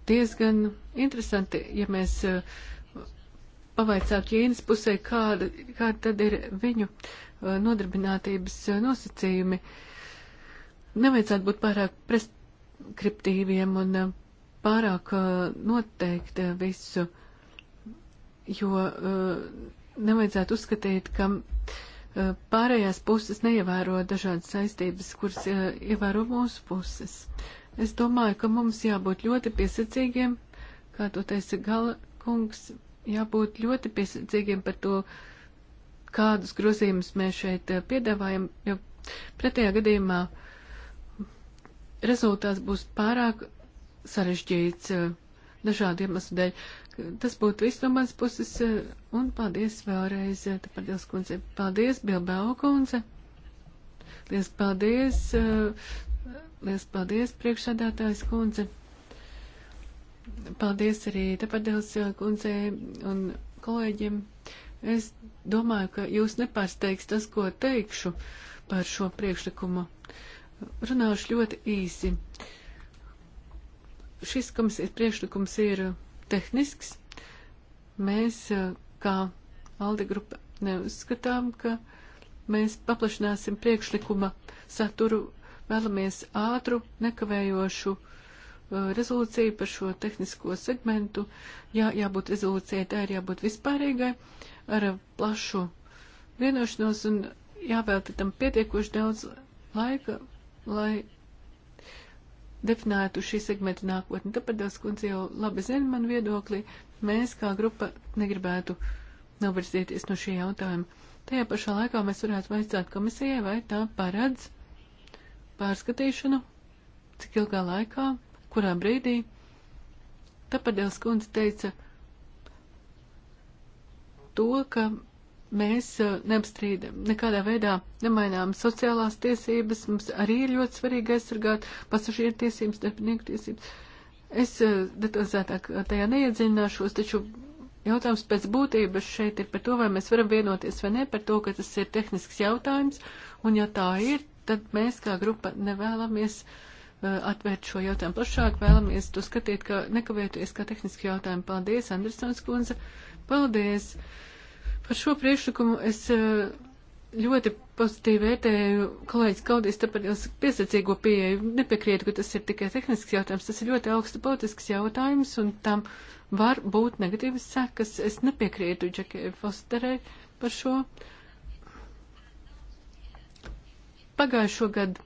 diezgan interesanti, ja mēs uh, pavaicātu Ķīnas pusē, kāda, kāda tad ir viņu uh, nodarbinātības nosacījumi. Nevajadzētu būt pārāk preskriptīviem un pārāk noteikti visu, jo nevajadzētu uzskatīt, ka pārējās puses neievēro dažādas saistības, kuras ievēro mūsu puses. Es domāju, ka mums jābūt ļoti piesacīgiem, kā to teica Gala kungs, jābūt ļoti piesacīgiem par to, kādus grozījumus mēs šeit eh, piedāvājam, jo pretējā gadījumā rezultāts būs pārāk sarežģīts eh, dažādu iemeslu dēļ. Tas būtu viss no manas puses, eh, un paldies vēlreiz, Tapardils kundze. Paldies, Bilbao kundze. Liels paldies, Liels paldies, priekšsādātājs kundze. Paldies arī Tepadēls uh, kundzei un kolēģiem. Es domāju, ka jūs nepārsteigs tas, ko teikšu par šo priekšlikumu. Runāšu ļoti īsi. Šis kums, priekšlikums ir tehnisks. Mēs, uh, kā Alde grupa, neuzskatām, ka mēs paplašināsim priekšlikuma saturu Vēlamies ātru, nekavējošu uh, rezolūciju par šo tehnisko segmentu. Jā, jābūt rezolūcijai, tā ir jābūt vispārīgai, ar plašu vienošanos un jāvēlta tam pietiekoši daudz laika, lai definētu šī segmenta nākotni. Tāpēc daudz kundze jau labi zina man viedokli. Mēs kā grupa negribētu novirzīties no šī jautājuma. Tajā pašā laikā mēs varētu vaicāt komisijai, vai tā paredz pārskatīšanu, cik ilgā laikā, kurā brīdī. Tapadēls kundze teica to, ka mēs uh, neapstrīdam, nekādā veidā nemainām sociālās tiesības, mums arī ir ļoti svarīgi aizsargāt pasažieru tiesības, darbinieku tiesības. Es uh, detalizētāk tajā neiedziļināšos, taču jautājums pēc būtības šeit ir par to, vai mēs varam vienoties vai ne par to, ka tas ir tehnisks jautājums, un ja tā ir, tad mēs kā grupa nevēlamies eh, atvērt šo jautājumu plašāk, vēlamies to skatīt, ka nekavēties kā tehniski jautājumu. Paldies, Andersons kundze, paldies! Par šo priekšlikumu es eh, ļoti pozitīvi vērtēju kolēģis Kaudīs, tāpēc jūs piesacīgo pieeju nepiekrietu, ka tas ir tikai tehnisks jautājums, tas ir ļoti augsta politisks jautājums, un tam var būt negatīvas sekas. Es nepiekrietu Džekai Fosterei par šo. Uh, Pagājušo gadu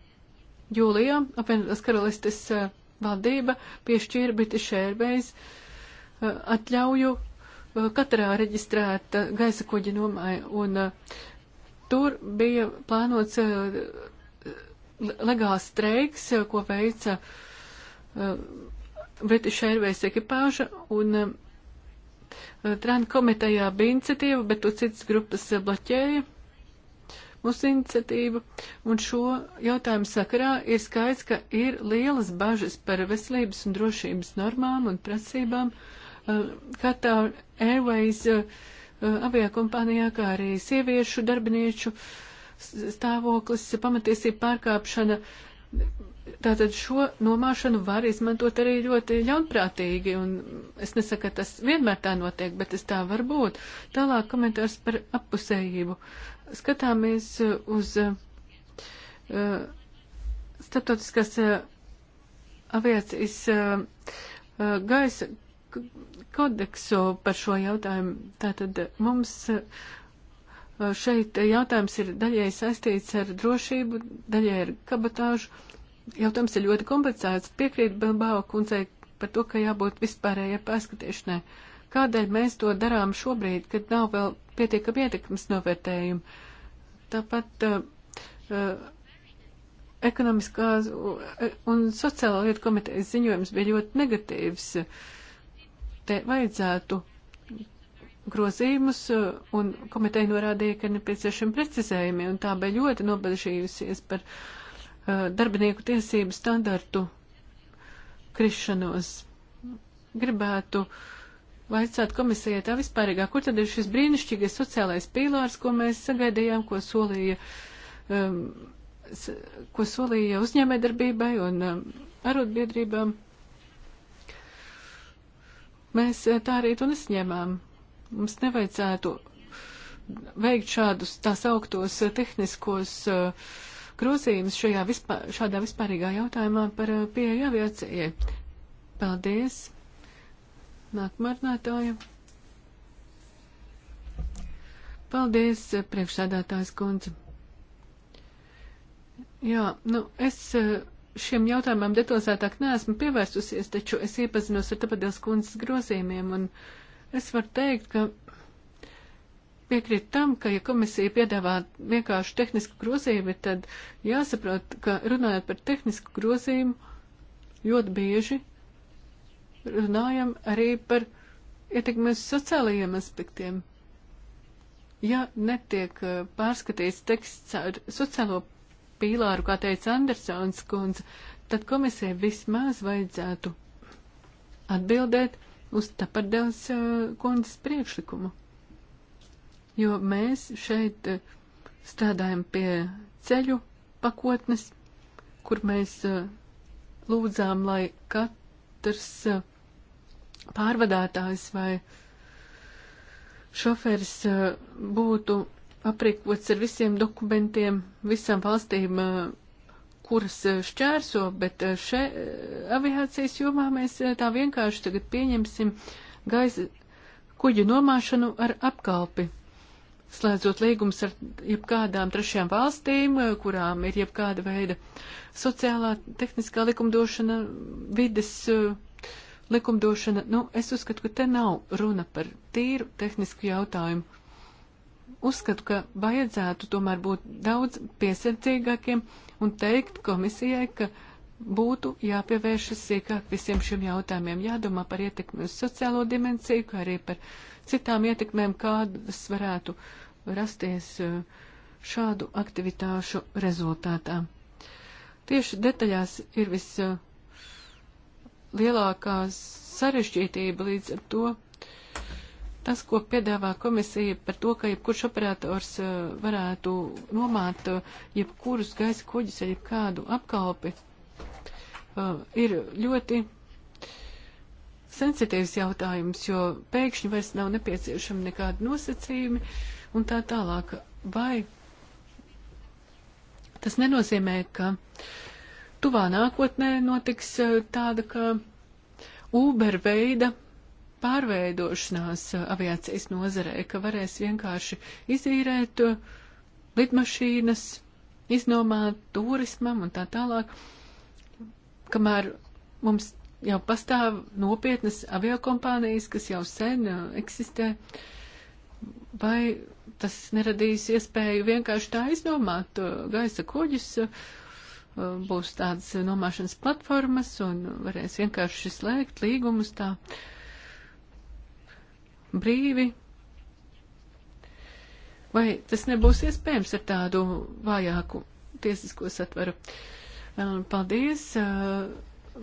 jūlijā apvienotās karalistes eh, valdība piešķīra British Airways eh, atļauju eh, katrā reģistrēt gaisa kuģi nomai, un tur bija plānots legāls streiks, ko veica British Airways ekipāža, un Trāna komitejā bija iniciatīva, bet to citas grupas bloķēja mūsu iniciatīvu, un šo jautājumu sakarā ir skaidrs, ka ir lielas bažas par veselības un drošības normām un prasībām eh, Qatar Airways eh, eh, aviakompānijā, kā arī sieviešu darbinieču stāvoklis, pamatiesība pārkāpšana. Tātad šo nomāšanu var izmantot arī ļoti ļaunprātīgi, un es nesaku, ka tas vienmēr tā notiek, bet tas tā var būt. Tālāk komentārs par appusējību skatāmies uh, uz uh, starptautiskās uh, aviācijas gaisa kodeksu par šo jautājumu. Tātad mums šeit jautājums ir daļai saistīts ar drošību, daļai ar kabatāžu. Jautājums ir ļoti komplicēts. Piekrīt Bilbao kundzei par to, ka jābūt vispārējai paskatīšanai. Kādēļ mēs to darām šobrīd, kad nav vēl pietiekami ietekmes novērtējumi. Tāpat uh, uh, ekonomiskā e, un sociālā lieta komitejas ziņojums bija ļoti negatīvs. Te vajadzētu grozījumus, uh, un komiteja norādīja, ka nepieciešami precizējumi, un tā bija ļoti nobežījusies par uh, darbinieku tiesību standartu krišanos. Gribētu uh, Vaicāt komisijai tā vispārīgā, kur tad ir šis brīnišķīgais sociālais pīlārs, ko mēs sagaidījām, ko solīja, um, ko solīja uzņēmējdarbībai un um, arotbiedrībām. Mēs eh, tā arī to nesņēmām. Mums nevajadzētu veikt šādus tā sauktos eh, tehniskos uh, grozījumus šajā vispār, šādā vispārīgā jautājumā par uh, pieeju aviācijai. Paldies! Nākamā runātāja. Paldies, eh, priekšsēdētājs kundze. Jā, nu, es eh, šiem jautājumam detalizētāk neesmu pievērsusies, taču es iepazinos ar tapadēļas kundzes grozījumiem, un es varu teikt, ka piekrīt tam, ka, ja komisija piedāvā vienkārši tehnisku grozījumu, tad jāsaprot, ka runājot par tehnisku grozījumu, ļoti bieži runājam arī par ietekmes sociālajiem aspektiem. Ja netiek eh, pārskatīts teksts ar sociālo pīlāru, kā teica Andersons kundze, tad komisija vismaz vajadzētu atbildēt uz tapardēls eh, kundzes priekšlikumu. Jo mēs šeit eh, strādājam pie ceļu pakotnes, kur mēs lūdzām, lai katrs pārvadātājs vai šoferis eh, būtu aprīkots ar visiem dokumentiem visām valstīm, eh, kuras eh, šķērso, bet še aviācijas jomā mēs tā vienkārši tagad pieņemsim gaisa kuģu nomāšanu ar apkalpi, slēdzot līgums ar jebkādām trešajām valstīm, kurām ir jebkāda veida sociālā, tehniskā likumdošana, vides likumdošana, nu, es uzskatu, ka te nav runa par tīru tehnisku jautājumu. Uzskatu, ka vajadzētu tomēr būt daudz piesardzīgākiem un teikt komisijai, ka būtu jāpievēršas sīkāk visiem šiem jautājumiem, jādomā par ietekmi uz sociālo dimensiju, kā arī par citām ietekmēm, kādas varētu rasties uh, šādu aktivitāšu rezultātā. Tieši detaļās ir viss uh, lielākā sarežģītība līdz ar to. Tas, ko piedāvā komisija par to, ka jebkurš operators uh, varētu nomāt uh, jebkurus gaisa kuģus vai jebkādu apkalpi, uh, ir ļoti sensitīvs jautājums, jo pēkšņi vairs nav nepieciešami nekādi nosacījumi un tā tālāk. Vai tas nenozīmē, ka uh, tuvā nākotnē notiks eh, tāda kā Uber veida pārveidošanās eh, aviācijas nozarē, ka varēs vienkārši izīrēt eh, lidmašīnas, iznomāt turismam un tā tālāk, kamēr mums jau pastāv nopietnas aviokompānijas, kas jau sen eksistē, vai tas neradīs iespēju vienkārši tā izdomāt gaisa kuģis, uh, būs tādas nomāšanas platformas un varēs vienkārši slēgt līgumus tā brīvi. Vai tas nebūs iespējams ar tādu vājāku tiesisko satvaru? Paldies!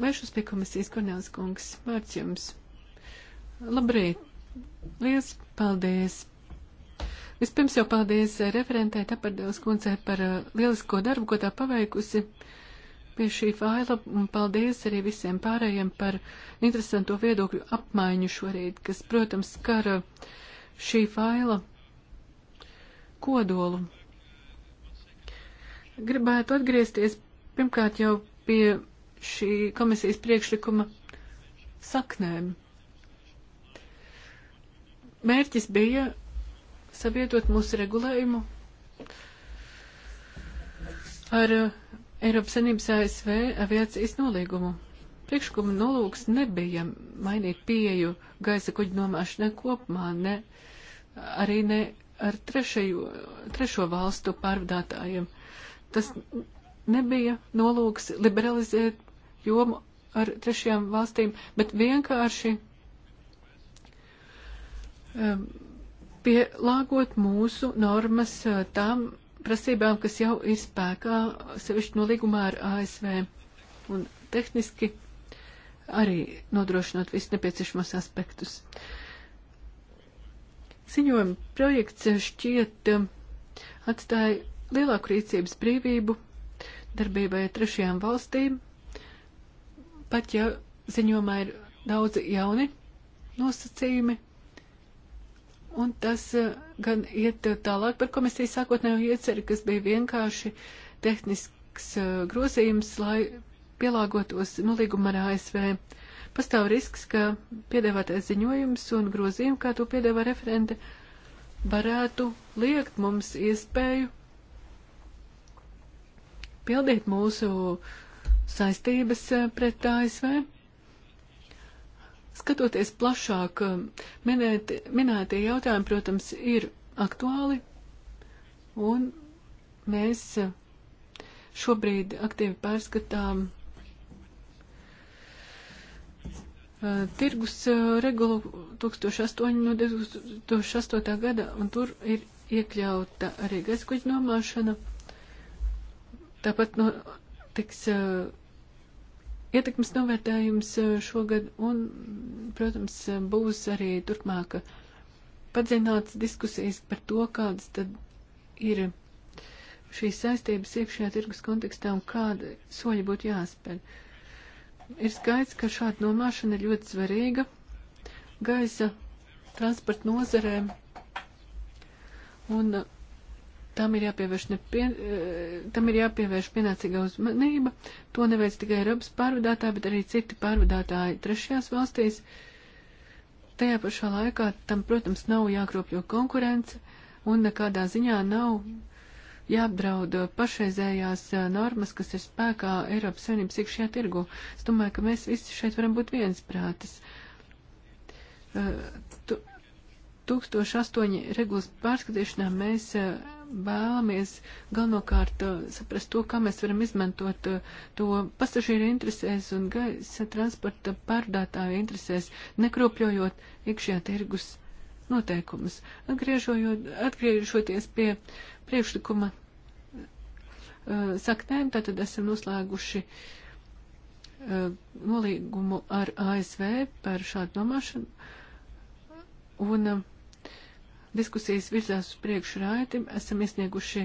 Vēršos pie komisijas Kornelis Kungs. Vārds jums! Labrīt! Liels paldies Vispirms jau paldies eh, referentē Tapardēlas kundzē par eh, lielisko darbu, ko tā paveikusi pie šī faila, un paldies arī visiem pārējiem par interesanto viedokļu apmaiņu šorīt, kas, protams, skara eh, šī faila kodolu. Gribētu atgriezties pirmkārt jau pie šī komisijas priekšlikuma saknēm. Mērķis bija savietot mūsu regulējumu ar uh, Eiropas Savienības ASV aviācijas nolīgumu. Priekšlikuma nolūks nebija mainīt pieeju gaisa kuģu nomāšanai kopumā, ne arī ne ar trešajo, trešo valstu pārvadātājiem. Tas nebija nolūks liberalizēt jomu ar trešajām valstīm, bet vienkārši um, pielāgot mūsu normas eh, tām prasībām, kas jau ir spēkā, sevišķi nolīgumā ar ASV un tehniski arī nodrošinot visu nepieciešamos aspektus. Ziņojuma projekts eh, šķiet eh, atstāja lielāku rīcības brīvību darbībai trešajām valstīm, pat ja ziņojumā ir daudzi jauni nosacījumi, Un tas eh, gan iet tālāk par komisijas sākotnējo ieceri, kas bija vienkārši tehnisks eh, grozījums, lai pielāgotos nolīgumam ar ASV. Pastāv risks, ka piedāvātais ziņojums un grozījumi, kā to piedāvā referente, varētu liekt mums iespēju pildīt mūsu saistības eh, pret ASV. Skatoties plašāk, um, minēti, minētie jautājumi, protams, ir aktuāli, un mēs uh, šobrīd aktīvi pārskatām uh, tirgus uh, regulu 2008 no 2008. gada, un tur ir iekļauta arī gaiskuģi nomāšana. Tāpat no, tiks uh, Ietekmes novērtējums eh, šogad un, protams, eh, būs arī turpmāka padziļināts diskusijas par to, kādas tad ir šīs saistības iekšējā tirgus kontekstā un kāda soļa būtu jāspēr. Ir skaidrs, ka šāda nomāšana ir ļoti svarīga gaisa transporta nozarēm un tam ir jāpievērš, nepien, eh, tam ir jāpievērš pienācīga uzmanība. To neveic tikai Eiropas pārvadātāji, bet arī citi pārvadātāji trešajās valstīs. Tajā pašā laikā tam, protams, nav jākropļo konkurence un nekādā ziņā nav jāapdraud pašreizējās eh, normas, kas ir spēkā Eiropas Savienības iekšējā tirgu. Es domāju, ka mēs visi šeit varam būt viensprātis. Eh, tu, 1008 regulas pārskatīšanā mēs vēlamies galvenokārt uh, saprast to, kā mēs varam izmantot uh, to pasažieru interesēs un gaisa transporta pārdātāju interesēs, nekropļojot iekšējā tirgus noteikumus. Atgriežoties pie priekšlikuma uh, saknēm, tātad esam noslēguši nolīgumu ar ASV par šādu nomāšanu. Un diskusijas virzās uz priekšu raiti. Esam iesnieguši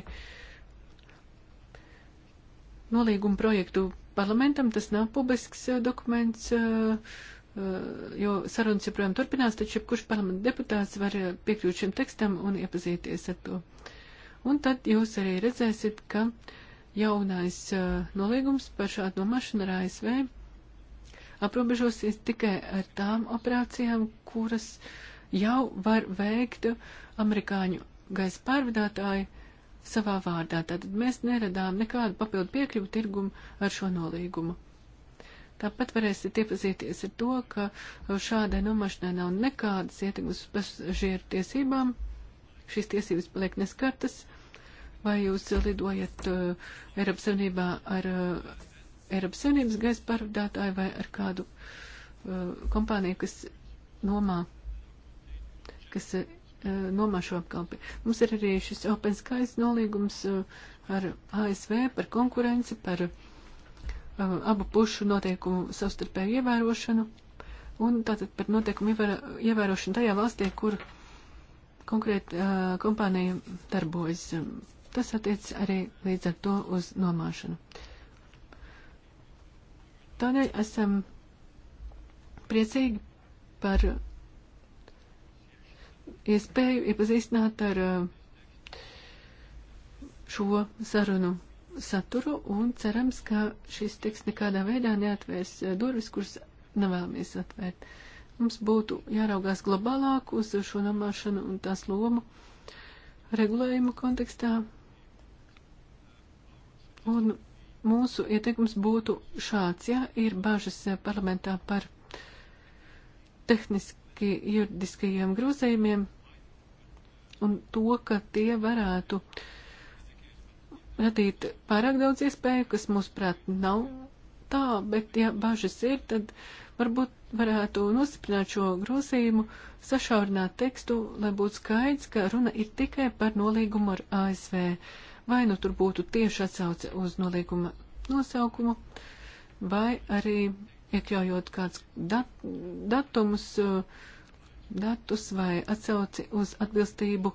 nolīgumu projektu parlamentam. Tas nav publisks eh, dokuments, eh, eh, jo sarunas joprojām turpinās, taču jebkurš parlamenta deputāts var piekļūt šim tekstam un iepazīties ar to. Un tad jūs arī redzēsiet, ka jaunais nolīgums par šādu nomāšanu ar ASV aprobežosies tikai ar tām operācijām, kuras uh, jau var veikt amerikāņu gaisa pārvadātāji savā vārdā. Tātad mēs neradām nekādu papildu piekļuvu tirgumu ar šo nolīgumu. Tāpat varēsiet iepazīties ar to, ka šādai nomašanai nav nekādas ietekmes uz pasažieru tiesībām. Šīs tiesības paliek neskartas. Vai jūs lidojat uh, Eiropas Savienībā ar uh, Eiropas Savienības gaisa pārvadātāju vai ar kādu uh, kompāniju, kas nomā kas uh, nomā šo apkalpi. Mums ir arī šis Open Skies nolīgums uh, ar ASV par konkurenci, par uh, abu pušu noteikumu savstarpēju ievērošanu un tātad par noteikumu ievēro, ievērošanu tajā valstī, kur konkrēti uh, kompānija darbojas. Tas attiec arī līdz ar to uz nomāšanu. Tādēļ esam priecīgi par iespēju iepazīstināt ar eh, šo sarunu saturu un cerams, ka šis teksts nekādā veidā neatvērs eh, durvis, kuras nevēlamies atvērt. Mums būtu jāraugās globālāk uz šo nomāšanu un tās lomu regulējuma kontekstā. Un mūsu ieteikums būtu šāds, ja ir bažas eh, parlamentā par tehniski juridiski, juridiskajiem grozējumiem un to, ka tie varētu radīt pārāk daudz iespēju, kas mūsuprāt nav tā, bet ja bažas ir, tad varbūt varētu nostiprināt šo grozījumu, sašaurināt tekstu, lai būtu skaidrs, ka runa ir tikai par nolīgumu ar ASV. Vai nu tur būtu tieši atsauce uz nolīguma nosaukumu, vai arī iekļaujot kāds dat, datumus, eh, datus vai atsauci uz atbilstību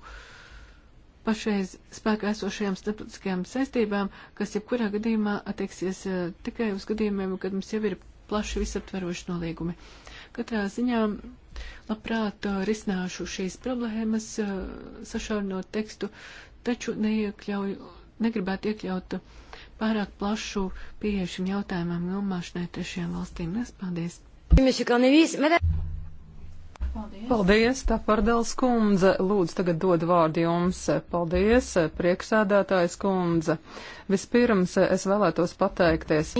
pašreiz spēkā esošajām starptautiskajām saistībām, kas jebkurā gadījumā attieksies eh, tikai uz gadījumiem, kad mums jau ir plaši visaptveroši nolīgumi. Katrā ziņā labprāt eh, risināšu šīs problēmas, sašaurinot tekstu, taču neiekļauju, negribētu iekļaut uh, pārāk plašu pieeju šim jautājumam nomāšanai trešajām valstīm. Es paldies! Paldies, Paldies Tapardels kundze. Lūdzu, tagad dod vārdu jums. Paldies, prieksēdētājs kundze. Vispirms es vēlētos pateikties.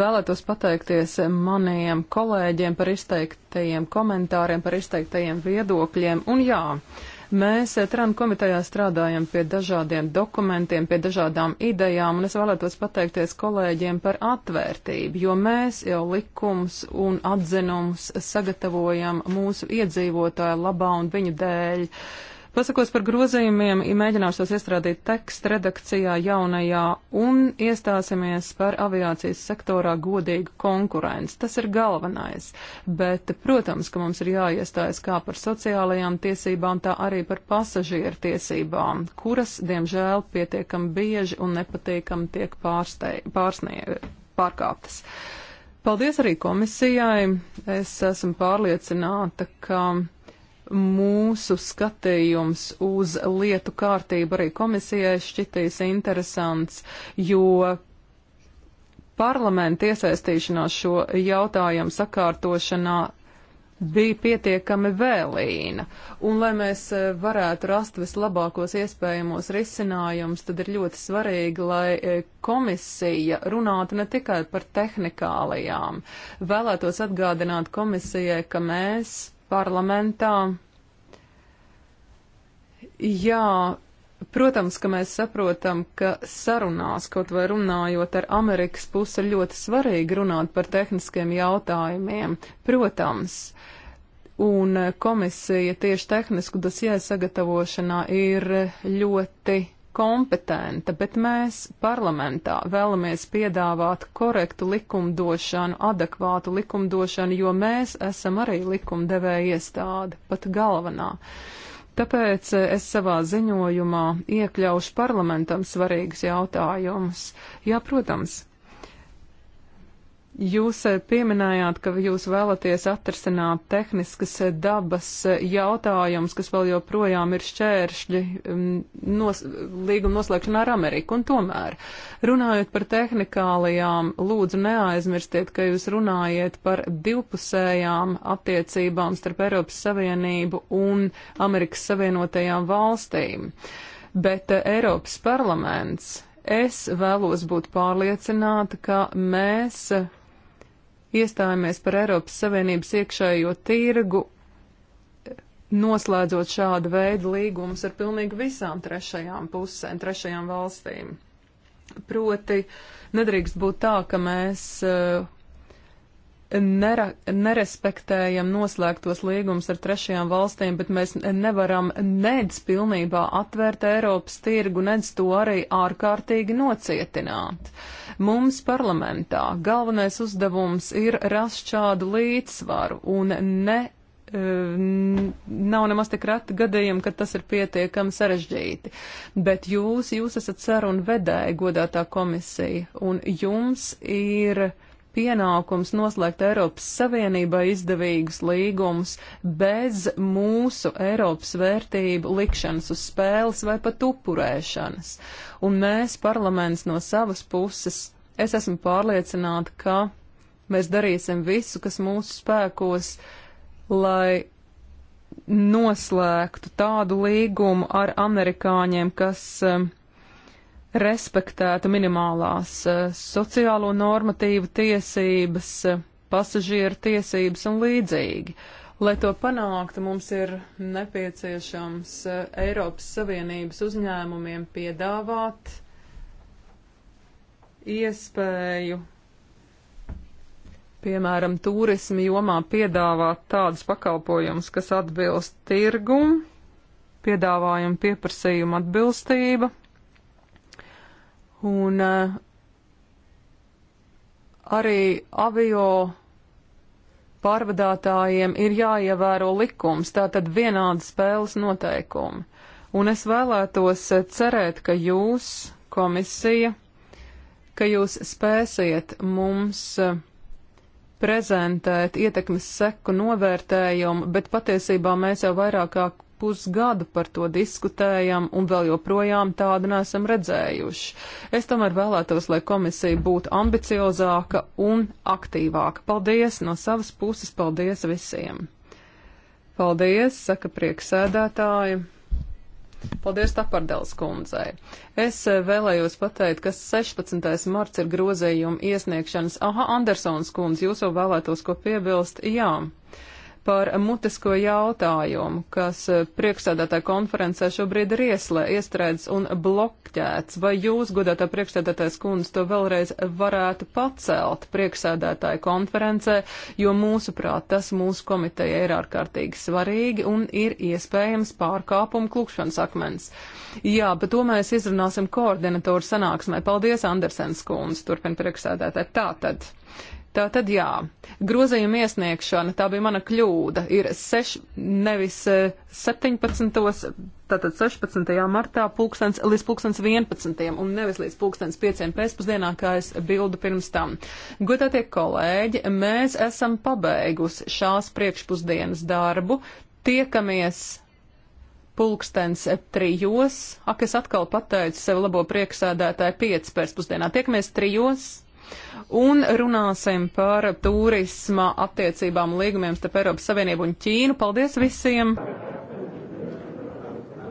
Vēlētos pateikties maniem kolēģiem par izteiktajiem komentāriem, par izteiktajiem viedokļiem. Un jā, uh, Mēs eh, Tran komitejā strādājam pie dažādiem dokumentiem, pie dažādām idejām, un es vēlētos pateikties kolēģiem par atvērtību, jo mēs jau likums un atzinums sagatavojam mūsu iedzīvotāju labā un viņu dēļ. Uh, Pasakos par grozījumiem, ja mēģināšu tos iestrādīt teksta redakcijā jaunajā un iestāsimies par aviācijas sektorā godīgu konkurenci. Tas ir galvenais, bet, protams, ka mums ir jāiestājas kā par sociālajām tiesībām, tā arī par pasažieru tiesībām, kuras, diemžēl, pietiekam bieži un nepatīkam tiek pārstei, pārsnie, pārkāptas. Paldies arī komisijai. Es esmu pārliecināta, ka mūsu skatījums uz lietu kārtību arī komisijai šķitīs interesants, jo parlamenta iesaistīšanās šo jautājumu sakārtošanā bija pietiekami vēlīna, un lai mēs eh, varētu rast vislabākos iespējamos risinājumus, tad ir ļoti svarīgi, lai eh, komisija runātu ne tikai par tehnikālajām. Vēlētos atgādināt komisijai, ka mēs parlamentā. Jā, protams, ka mēs saprotam, ka sarunās, kaut vai runājot ar Amerikas pusi, ir ļoti svarīgi runāt par tehniskiem jautājumiem. Protams, un komisija tieši tehnisku dosjē sagatavošanā ir ļoti kompetenta, bet mēs parlamentā vēlamies piedāvāt korektu likumdošanu, adekvātu likumdošanu, jo mēs esam arī likumdevēja iestāde, pat galvenā. Tāpēc eh, es savā ziņojumā iekļaušu parlamentam svarīgus jautājumus. Jā, protams, Jūs eh, pieminējāt, ka jūs vēlaties atrasināt tehniskas eh, dabas eh, jautājumus, kas vēl joprojām ir šķēršļi mm, nos, līguma noslēgšanā ar Ameriku. Un tomēr, runājot par tehnikālijām, lūdzu neaizmirstiet, ka jūs runājiet par divpusējām attiecībām starp Eiropas Savienību un Amerikas Savienotajām valstīm. Bet Eiropas parlaments. Es vēlos būt pārliecināta, ka mēs iestājāmies par Eiropas Savienības iekšējo tirgu, noslēdzot šādu veidu līgumus ar pilnīgi visām trešajām pusēm, trešajām valstīm. Proti, nedrīkst būt tā, ka mēs uh, nera, nerespektējam noslēgtos līgumus ar trešajām valstīm, bet mēs nevaram nedz pilnībā atvērt Eiropas tirgu, nedz to arī ārkārtīgi nocietināt. Mums parlamentā galvenais uzdevums ir rast šādu līdzsvaru un ne. Eh, nav nemaz tik reti gadījumi, kad tas ir pietiekami sarežģīti, bet jūs, jūs esat sarunu vedēji, godātā komisija, un jums ir uh, pienākums noslēgt Eiropas Savienībai izdevīgus līgumus bez mūsu Eiropas vērtību likšanas uz spēles vai pat upurēšanas. Un mēs, parlaments, no savas puses, es esmu pārliecināta, ka mēs darīsim visu, kas mūsu spēkos, lai noslēgtu tādu līgumu ar amerikāņiem, kas um, respektēta minimālās e, sociālo normatīvu tiesības, e, pasažieru tiesības un līdzīgi. Lai to panāktu, mums ir nepieciešams e, Eiropas Savienības uzņēmumiem piedāvāt iespēju, piemēram, turismu jomā piedāvāt tādus pakalpojumus, kas atbilst tirgumu, piedāvājumu pieprasījumu atbilstība Un eh, arī avio pārvadātājiem ir jāievēro likums, tātad vienādi spēles noteikumi. Un es vēlētos eh, cerēt, ka jūs, komisija, ka jūs spēsiet mums eh, prezentēt ietekmes seku novērtējumu, bet patiesībā mēs jau vairāk kā pusgadu par to diskutējam un vēl joprojām tādu nesam redzējuši. Es tomēr vēlētos, lai komisija būtu ambiciozāka un aktīvāka. Paldies no savas puses, paldies visiem! Paldies, saka prieksēdētāji! Paldies Tapardēls kundzei. Es eh, vēlējos pateikt, ka 16. marts ir grozējuma iesniegšanas. Aha, Andersons kundze, jūs jau vēlētos ko piebilst? Jā par mutisko jautājumu, kas eh, priekšstādātāja konferencē šobrīd ir ieslē, iestrēdz un blokķēts. Vai jūs, godātā priekšstādātājs kundze, to vēlreiz varētu pacelt priekšstādātāja konferencē, jo mūsuprāt tas mūsu komiteja ir ārkārtīgi svarīgi un ir iespējams pārkāpumu klūkšanas akmens. Jā, bet to mēs izrunāsim koordinatoru sanāksmē. Paldies, Andersens kundze, turpina priekšstādātāja. Tātad. Tā tad jā, grozījuma iesniegšana, tā bija mana kļūda, ir seš, nevis 17. Eh, tātad 16. martā pulkstens, līdz pulkstens 11. un nevis līdz pulkstens 5. pēcpusdienā, kā es bildu pirms tam. Godātie kolēģi, mēs esam pabeigusi šās priekšpusdienas darbu, tiekamies pulkstens trijos, ak es atkal pateicu sev labo prieksēdētāju 5 pēcpusdienā, tiekamies trijos un runāsim par turisma attiecībām līgumiem starp Eiropas Savienību un Ķīnu. Paldies visiem!